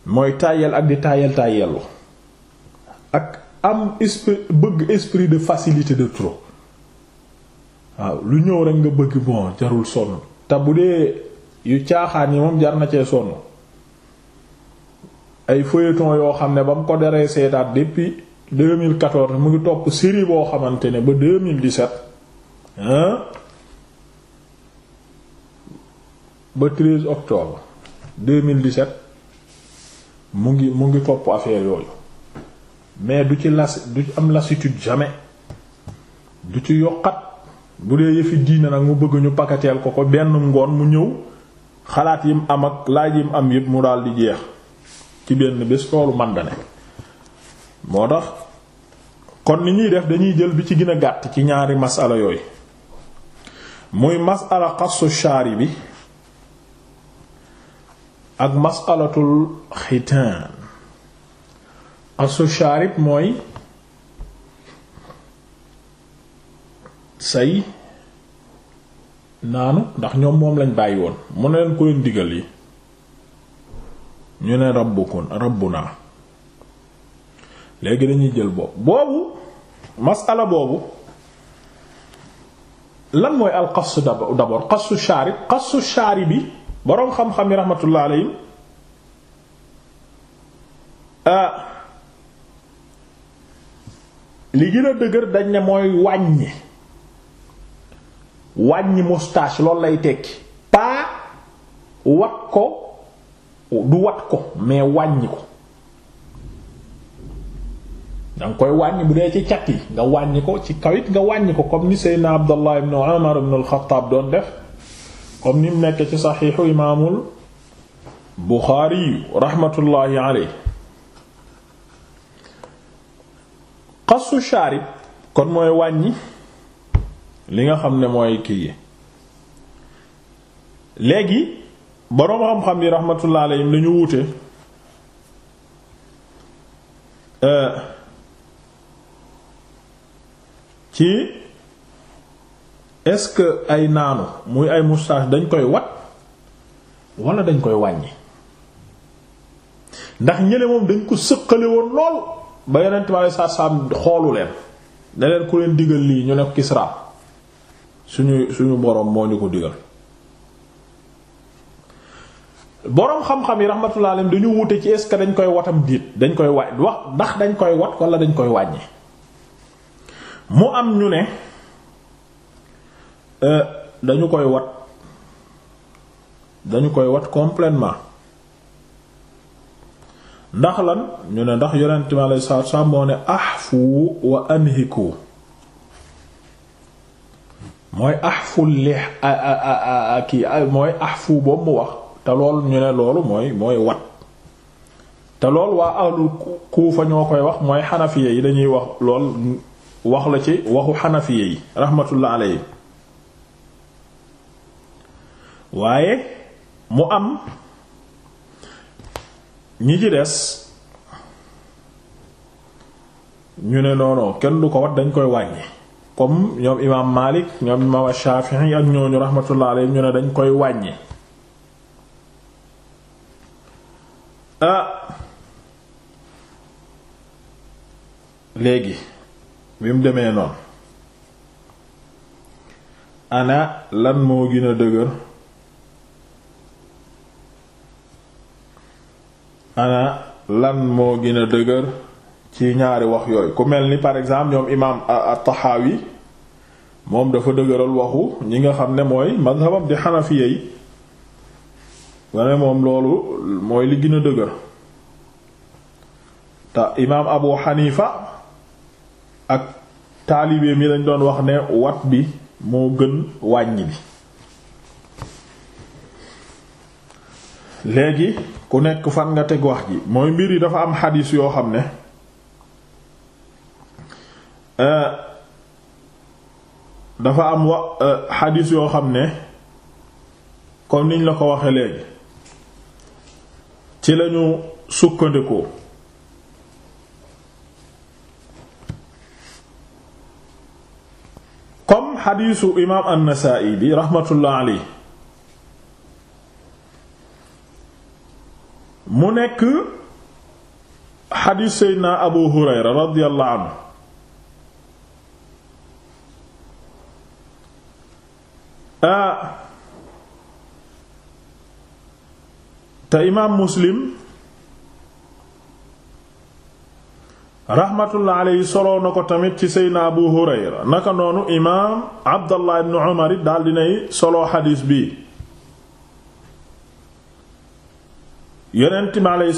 mooy tàyyel ak di tàyyel tàyyelu ak am esprit bëgg esprit de facilité de trop waaw lu ñëw rekk nga bëgg bon jarul sonn te bu dee yu caaxaan yi moom jar na cee sonn ay feuilleton yoo xam ne ba mu ko deree seetaat depuis 2014 mu ngi topp série boo xamante ne ba 2017 hein ba 13 octobre 2017 mu ngi mu ngi topp affaire yooyu mais du ci las du am lassitude jamais du ci yokkat bu dee yëfi diina nag mu bëgg ñu pakateel ko ko benn ngoon mu ñëw xalaat yi mu am ak laaj yim am yépp mu daal di jeex ci benn bés loolu man moo tax kon ni ñuy def dañuy jël bi ci gën a gàtt ci ñaari masala yooyu muy masala xasu shaari bi ak masalatul xitaan xasu shaarib mooy say naanu ndax ñoom moom lañ bàyyi woon mu ne leen ku leen digal yi ñu ne rabbukun rabbuna léegi dañuy jël bopp boobu masala boobu lan mooy al qas d'abord qasu shaarib qasu shaarib bi boroom xam-xam yi rahmatullah alayhi ah li gën dëgër dañ ne mooy wàññi wàññi moustache loolu lay tekki pas wat ko du wat ko mais wàññi ko danga koy wàññi bu dee ci cat yi nga wàññi ko ci kawit nga wàññi ko comme ni seydna abdallah ibn umar ibn al-xattaab doon def comme ni mu nekk ci saxiixu imaamul buxaari raxmatullaahi aley xasu shaarib kon mooy wàññi li nga xam ne mooy kii yi léegi boroom xam-xam yi rahmatullah alayhim dañu wuute euh, ci est-ce que ay naanu muy ay moustache dañ koy wat wala dañ koy wàññi ndax ñële moom dañ ko sëqale lool ba yonent bi aleyhis salaatu salaam xoolu leen ne leen ku leen digal lii ñu ne Kisra suñu suñu boroom moo ñu ko digal boroom xam-xam yi rahmatullahi alayhim dañu wute ci est-ce que dañ koy watam diit dañ koy wàññi wax ndax dañ koy wat wala dañ koy wàññi mu am ñu ne dañu koy wat dañu koy wat complètement ndax lan ñu ne ndax yonent mi alayhi salaatu salaam moo ne ah ahfu wa anhiku mooy ahfu li ki mooy ahfu boobu mu wax te loolu ñu ne loolu mooy mooy wat te loolu waa ahlul kuufa ñoo koy wax mooy xanafiya yi dañuy wax lool wax la ci waxu xanafiya yi rahmatullah waaye mu am ñi ci des ñu ne noonoo kenn du ko wat dañ koy wàññi comme ñoom imaam Maalik ñoom imaam Shaafi'i ak ñooñu rahmatullah alayhi ñu ne dañ koy wàññi ah léegi bi demee noonu ana lan moo gën dëgër lan moo gën a ci ñaari wax yooy ku mel ni par exemple ñoom imaam at-Tahawi moom dafa dëgëral waxu ñi nga xam ne mooy mazhabam di Hanafiyyi nga moom loolu mooy li gën a dëgër te imaam Abu Hanifa ak taalibe mi lañ doon wax ne wat bi moo gën wàññi bi léegi ku nekk fan nga teg wax gi mooy mbir yi dafa am xadiis yoo xam ne euh, dafa am wa euh, xadiis yoo xam ne comme niñ la ko waxe léegi ci lañu sukkandiku kom xadiisu imaam an bi raxmatullah aley mu nekk xadiis seydna Abu Hurayra radiyallahu anhu ah te imaam muslim rahmatullah aleyhi ko tamit ci seydna abu hurayra naka noonu imaam abdallah ibn umar it daal dinay soloo xadiis bi yonent mi aleyhi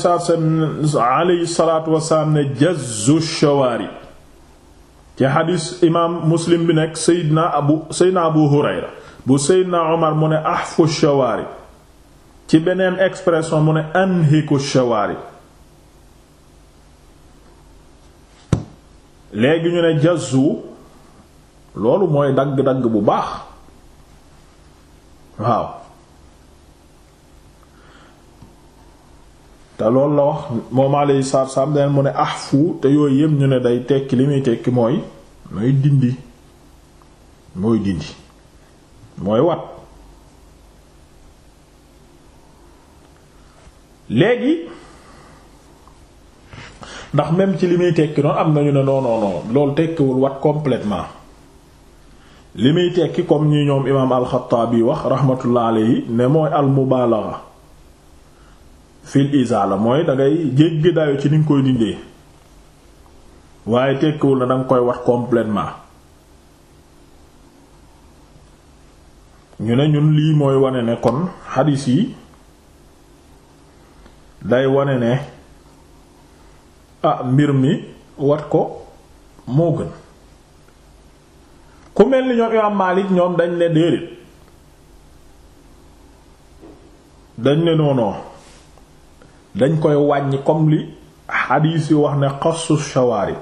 nekk seydna abu seydna abu hurayra bu seydna umar mu ne ahfu shawaari ci beneen expression mu ne anhiku shawarib léegi ñu ne jazzu loolu mooy dagg-dagg bu baax waaw te lool la wax moom alayhi salaatu salaam deen mu ne ahfu te yooyu yëpp ñu ne day tekki li muy tekki mooy mooy dindi mooy dindi mooy wat léegi ndax même ci li muy tekki noonu am nañu ne non non tekkiwul wat complètement li muy tekki comme ñi ñoom imaam alxataabi wax rahmatullah yi ne mooy al mubaalaxa fil izaala mooy da ngay jéggi ci ni koy dindee waaye tekkiwul na danga koy wat complètement ñu ne ñun lii mooy wane ne kon xadiis yi day wane ne ah mbir mi wat ko moo gën ku mel ni ñoom imaam Maalik ñoom dañ ne déedéet dañ ne noonoo dañ koy wàññi comme li xadiis yi wax ne xasu shawaari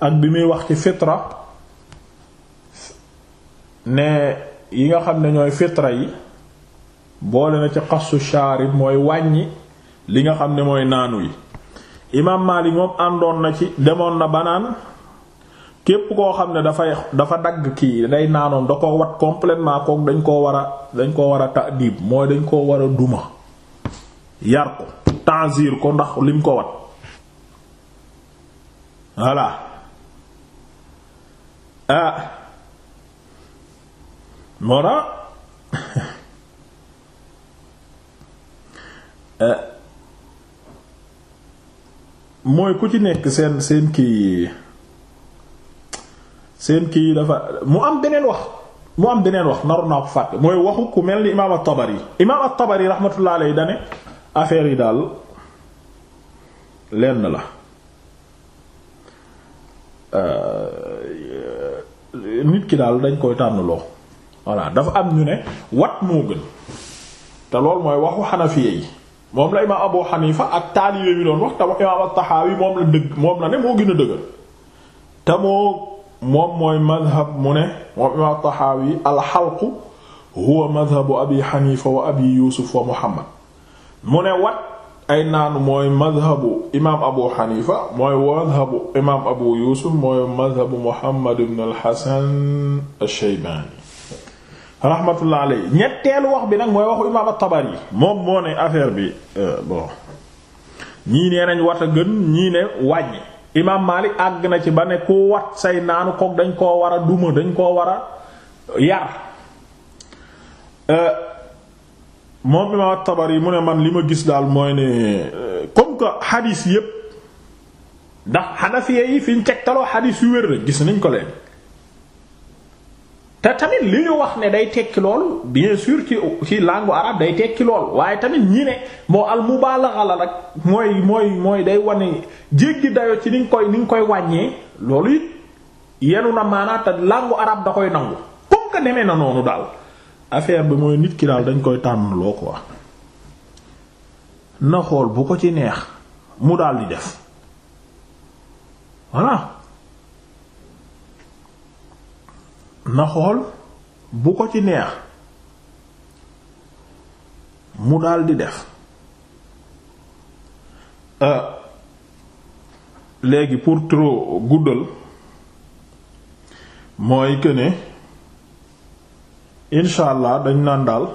ak bi muy wax ci fitra ne yi nga xam ne ñooy fitra yi boole na ci xassu shaarib mooy wàññi li nga xam ne mooy naanu yi imaam Maalik moom àndoon na ci demoon na banaan képp koo xam ne dafay dafa dagg kii day naanoon da ko wat complètement kook dañ koo war a dañ koo war a ta'dib mooy dañ koo war a duma yar ko tanzir ko ndax lim ko wat voilà ah moo *laughs* Euh, mooy ku ci nekk seen seen kii seen kii dafa mu am beneen wax mu am beneen wax naroon naa ko fàtte mooy waxu ku mel ni imaam at-Tabari imaam at-Tabari rahmatullah alayhi dane affaire yi daal lenn la euh, nit ki daal dañ koy tànnloo voilà dafa am ñu ne wat moo gën te loolu mooy waxu Hanafiya yi moom la imaam Abu Hanifa ak taalibe doon wax tam imaam at moom la dëgg moom la ne moo gën a dëgër te moom mooy madhab mu ne moom imaam at-Tahawi huwa madhabu abi Hanifa wa abi Yusuf wa Muhammad mu ne wat ay naanu mooy madhabu imaam Abu Hanifa mooy madhabu imaam Abu Yusuf mooy madhabu Muhammad ibn al-Hasan rahmatullah alay ñetteelu wax bi nag mooy waxu imaam at-Tabari moom moo ne affaire bi euh, bon ñii nee nañ wat a gën ñii ne wàññi imaam Maalik àgg na ci ba ne ku wat say naanu kook dañ koo war a duma dañ koo war a yar euh, moom imaam at-Tabari mu ne man li ma gis daal mooy ne euh, comme que xadiis yépp ndax Hanafiya yi fi ñu tegtaloo xadiis yu wér rek gis nañ ko leen te tamit li ñu wax ne day tekki lool bien sûr ci ci langue day tekki lool waaye tamit ñii ne moo al mubalagha la rek mooy mooy mooy day wane jéggi dayo ci niñ nga koy ni koy wàññee loolu it yenu na maanaata langue arabe da koy nangu comme que na noonu daal affaire bi mooy nit ki daal dañ koy tànn loo ko wax na xool bu ko ci neex mu daal di def na xool bu ko ci neex mu daldi def euh, léegi pour trop guddal mooy que ne incha allah dañ naan daal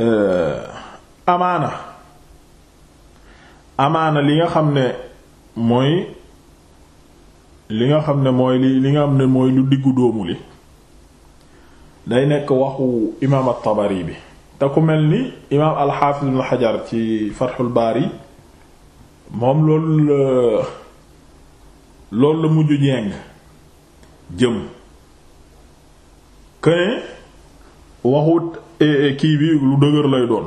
euh, amaana amaana li nga xam ne mooy li nga xam ne mooy li li nga xam ne mooy lu diggu dóomu li day nekk waxu imaam at-Tabari bi te mel ni imaam al-Hafiz ibn ci Fathul baari moom loolu la la mujj jeng jëm këne waxut eh, eh, kii bi lu dëgër lay doon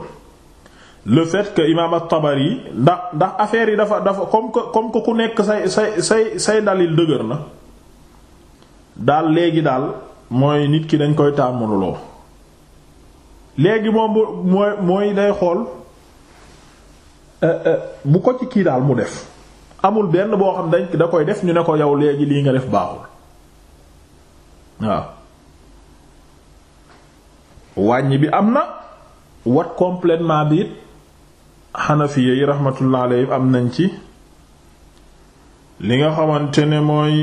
le fait que imaam at-Tabari ndax ndax affaire yi dafa dafa comme que ku nekk say say say say dalil dëgër na daal léegi daal mooy nit ki dañ koy tàmmaluloo léegi moom mooy mooy day xool euh, euh, bu ko ci kii daal mu def amul benn boo xam dañ da koy def ñu ne ko yow léegi lii nga def baaxul waaw wàññi bi am na wat complètement bi xanafiya yi raxmatullah alayhi am nañ ci li nga xamante ne mooy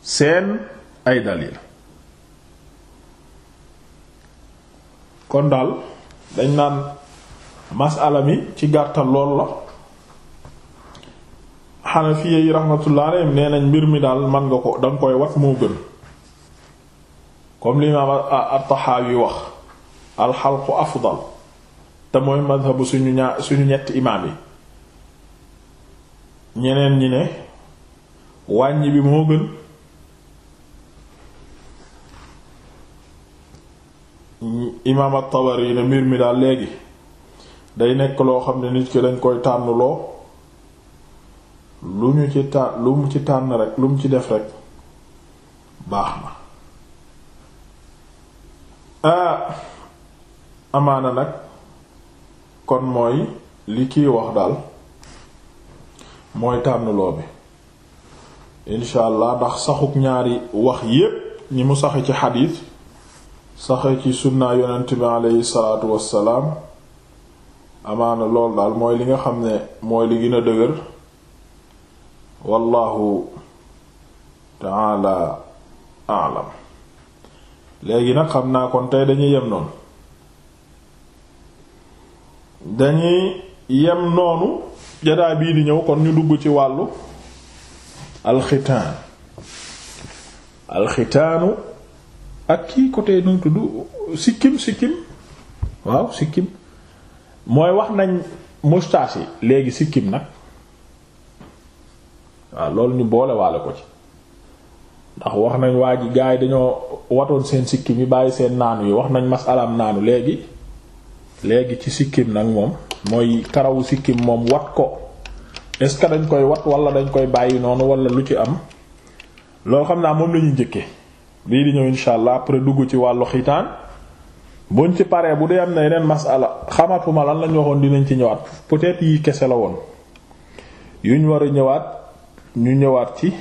seen ay dalil kon daal dañ naan masala mi ci gàttal lool la xanafiya yi raxmatullah alayhim nee nañ mbir mi daal man nga ko danga koy wat moo gën comme li imaam at-Taxaawi wax alxalqu afdal te mooy madhabu suñu ñetti imaam yi ñeneen ñi ne wàññi bi moo gën imaam at-Tabari ne mbir mi daal léegi day nekk loo xam ne nit ki dañ koy tànnloo lu ñu ci tànn rek lu mu ci def rek baax na ah, amaana nag kon mooy li kii wax daal mooy tànnuloo bi incha allah ndax saxuk ñaari wax yépp ñi mu saxe ci xadiis saxe ci sunnaa yonent bi aleyhi salaatu wassalaam amaana lool daal mooy li nga xam ne mooy li gën a dëgër wallahu taala alam léegi nag xam naa kon tey dañuy yem noonu dañuy yem noonu jadaa bii di ñëw kon ñu dugg ci wàllu alxitaan alxitaanu ak kii côté nu tudd sikkim sikkim waaw sikkim mooy wax nañ moustache yi léegi sikkim nag waaw loolu ñu boole waale ko ci ndax wax nañ waa ji gars yi dañoo watoon seen sikkim yi bàyyi seen naanu yi wax nañ masalaam naanu léegi léegi ci sikkim nag moom mooy karawu sikkim moom wat ko est-ce que dañ koy wat wala dañ koy bàyyi noonu wala lu ci am loo xam naa moom la ñuy jëkke bii di ñëw insha allah après dugg ci wàllu xitaan buñ ci paree bu dee am na yeneen masala xamatuma lan lañ waxoon dinañ ci ñëwaat peut-être yi kese la woon yuñ war a ñëwaat ñu ñëwaat ci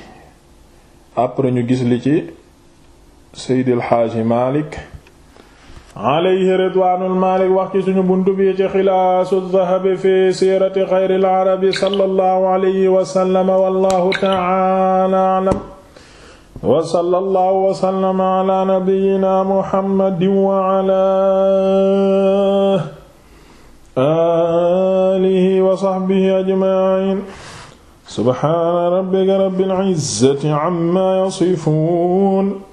après ñu gis li ci Seydil Hadji Malick alayhi ridwaanul maalik wax ci suñu buntu bi ci xilaasu dahabi fi siirati xayril arabi sallallahu alayhi wa sallam wallahu ta'ala a'lam wa sallallahu wa sallama ala nabiyyina muhammadin wa ala alihi wa sahbihi ajma'in subhaana rabbika rabbil izzati amma yasifun